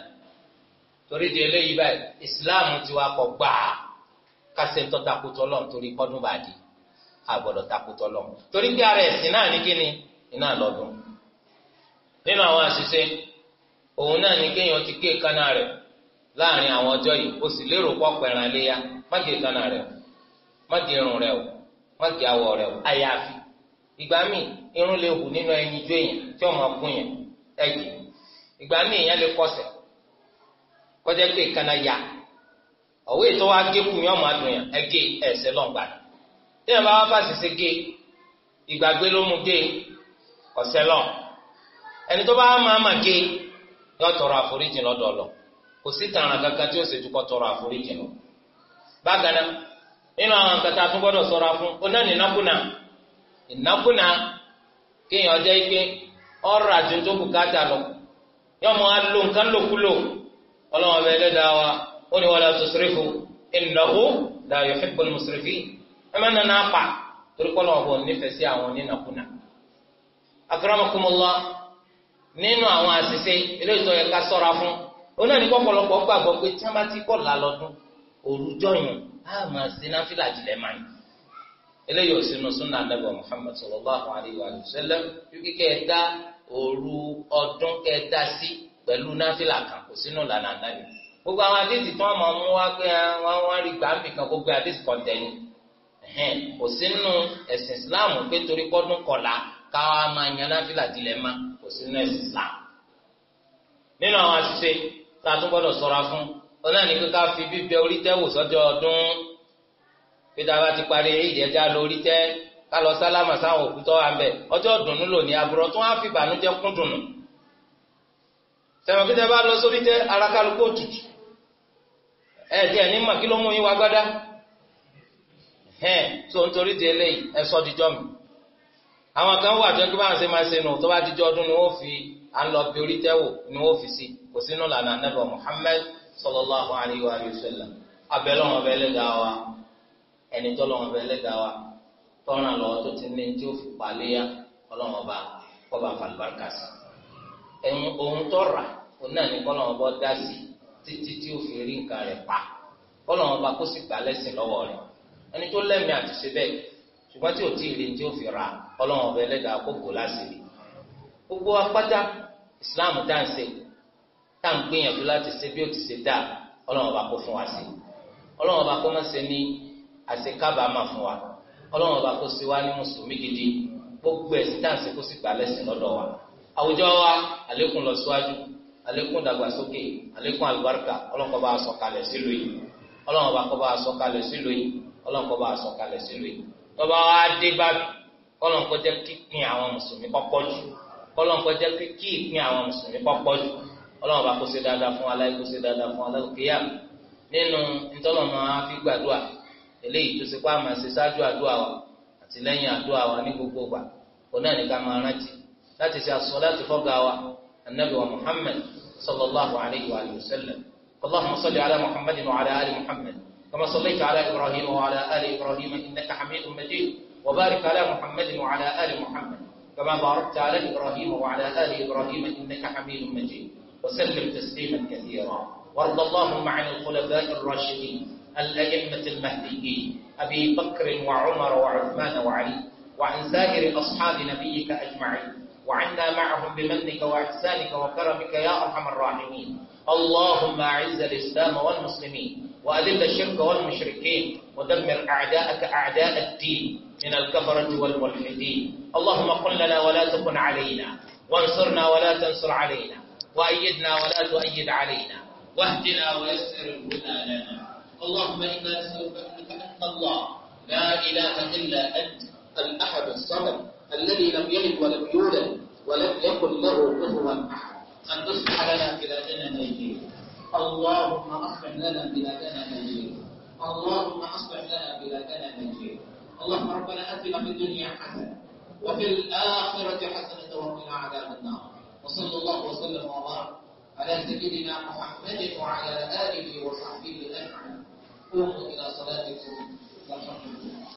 Speaker 1: Islam ti wá kọ gbàá kásẹ̀ ń tọ́ torí kọ́dún bá di àgbọ̀dọ̀ torí pé ara ẹ̀sìn náà ní kíni iná lọ́dún. nínú àwọn àṣìṣe òun náà ní kéèyàn ti kaná láàrin àwọn ọjọ́ yìí o sì lérò pọ̀ pẹ̀ràn léyà má gé kanna rẹ o má gé irun rẹ o má gé awọ rẹ o àyàfi ìgbà míì irun lè hù nínú ẹyin jó èèyàn tí ọmọ kún ya ọwọ́ ètò wa gé kùn yọmọ e yẹn ẹgé ẹsẹ̀ bá wá gé ìgbàgbé ló mú gé lọ ẹni tó bá máa gé kò sí kankan tí ó tọrọ àforíjì lọ. bákan náà nínú àwọn nǹkan tá a tún gbọ́dọ̀ sọ̀rọ̀ fún ó náà ní ìnákúnà ìnákúnà kéèyàn jẹ́ pé ọ̀rọ̀ àjò tó kù káàtà lọ yóò máa lo nǹkan lòkulò ọlọ́wọ́n ọbẹ̀ ẹlẹ́dàá wa ó ní wala tusrifu innahu la yuhibbul musrifin ẹ nana apà torí kọ́ lọ́wọ́ bọ̀ nífẹ̀ẹ́ sí àwọn onínàkúnà. nínú àwọn àṣìṣe eléyìí tó yẹ ká fún ó náà ní pọ̀pọ̀lọpọ̀ gbàgbọ́ pé tí wọ́n bá ti kọ́ là lọ́dún òrùjọ́ yẹn á máa ṣe náfìlà jìlẹ̀ máa yìí eléyìí ò sínú súnà anábọ̀ Muhammad sallallahu alayhi wa sallam yókè kẹta òru ọdún kẹta sí pẹ̀lú náfìlà kan kò sínú lànà anábì gbogbo àwọn àdéhìí tí wọ́n máa mú wá pé eh, wọ́n wá rí gbàǹbì kan gbogbo àdéhìí kọ̀tẹ́ni kò sínú ẹ̀sìn Islam pé torí pọ́dún kọ̀la káwa máa yan náfìlà jìlẹ̀ máa kò sínú ẹ̀sìn Islam nínú àwọn àṣìṣe tá a tún gbọ́dọ̀ ṣọ́ra fún ọ̀nà ní kíkà fi bíbẹ orí tẹ́ wò sọ́jọ́ ọdún pété a bá ti parí ìjẹ́jà lórí tẹ́ ká lọ sálámà sáwọn òkútọ́ wa ń bẹ̀ ọjọ́ dùnú lò ní aburọ̀ tó wá fi ìbànújẹ́ kún dùnú sẹ̀wọ̀n kí bá lọ sórí tẹ́ ara kálukú òtútù ẹ̀ ní mà kí ló mú yín wá gbádá tó ń torí di eléyìí ẹ sọ dijọ́ mi. àwọn kan wà tó ń kí báwọn ṣe máa ṣe nù tó bá dijọ́ ọdún ni wọ́n fi à ń lọ bí orí tẹ́wò ni wọ́n fi sí. kò na lànà Ànábì Muhammad sallallahu alayhi wa sallam abẹ́lọ́wọ́n bẹ́ẹ̀ lẹ́gàá wa ẹni tọ́lọ́wọ́n bẹ́ẹ̀ lẹ́gàá wa tọ́ràn lọ́wọ́ tó ti ní tí fi paléyà ọlọ́wọ́n bá kọ́ba falibarika sí ohun òun náà ní kọ́lọ́wọ́n bọ́ títí tí fi rí nǹkan pa kọ́lọ́wọ́n bá kó sì ẹni tó àti ṣe tí rí tí fi ra tá à ń gbìyànjú láti ṣe bí ó ti ṣe dáa ọlọ́run ọba kó fún wa sí ọlọ́run ọba kó má ṣe ní àṣekábàámà fún wa ọlọ́run ọba kó sí wa ní mùsùlùmí gidi gbogbo ẹ̀sìn tá à ń ṣe kó sì gbà lẹ́sìn lọ́dọ̀ wa àwùjọ wa àlékún lọ síwájú àlékún dàgbàsókè àlékún àlùbáríkà ọlọ́run ọba sọ̀kalẹ̀ sílùú yìí ọlọ́run kó bá àwọn mùsùlùmí kọ́kọ́ jù ọlọ́run kó jẹ́ kíkín àwọn mùsùlùmí kọ́kọ́ jù ọlọ́run bá kó ṣe dada fún wa aláì kó ṣe dada fún wa aláì kéyà nínú ntọ́nà ntọ́lọ́mọ fi gbàdúrà eléyìí tó ṣe pé àmà ṣe ṣáájú àdúrà wa àti lẹ́yìn àdúrà wa ní gbogbo gbà òun náà ní ká máa rántí láti ṣe àsọ láti fọ́gà wa anabi wa muhammed sallallahu alayhi wa sallam allahumma sali ala muhammed wa ala ali muhammed kama sallaita ala ibrahim wa ala ali ibrahim ka hamidun umadi wa barik ala muhammed wa ala ali muhammed kama barakta ala ibrahim wa ala ali ibrahim ka hamidun umadi وسلم تسليما كثيرا وارض اللهم عن الخلفاء الراشدين الأئمة المهديين أبي بكر وعمر وعثمان وعلي وعن سائر أصحاب نبيك أجمعين وعنا معهم بمنك وإحسانك وكرمك يا أرحم الراحمين اللهم أعز الإسلام والمسلمين وأذل الشرك والمشركين ودمر أعداءك أعداء الدين من الكفرة والملحدين اللهم قل لنا ولا تكن علينا وانصرنا ولا تنصر علينا وأيدنا ولا تؤيد علينا واهدنا ويسر الهدى لنا اللهم إنا نسألك أنك أنت الله لا إله إلا أنت الأحد الصمد الذي لم يلد ولم يولد ولم يكن له كفوا أحد أن تصلح لنا بلادنا نيجيريا اللهم أصلح لنا بلادنا نيجيريا اللهم أصلح لنا بلادنا نيجيريا اللهم ربنا آتنا في الدنيا حسنة وفي الآخرة حسنة وقنا عذاب النار وصلى الله وسلم وبارك على سيدنا محمد وعلى آله وصحبه أجمعين قوموا إلى صلاتكم والحمد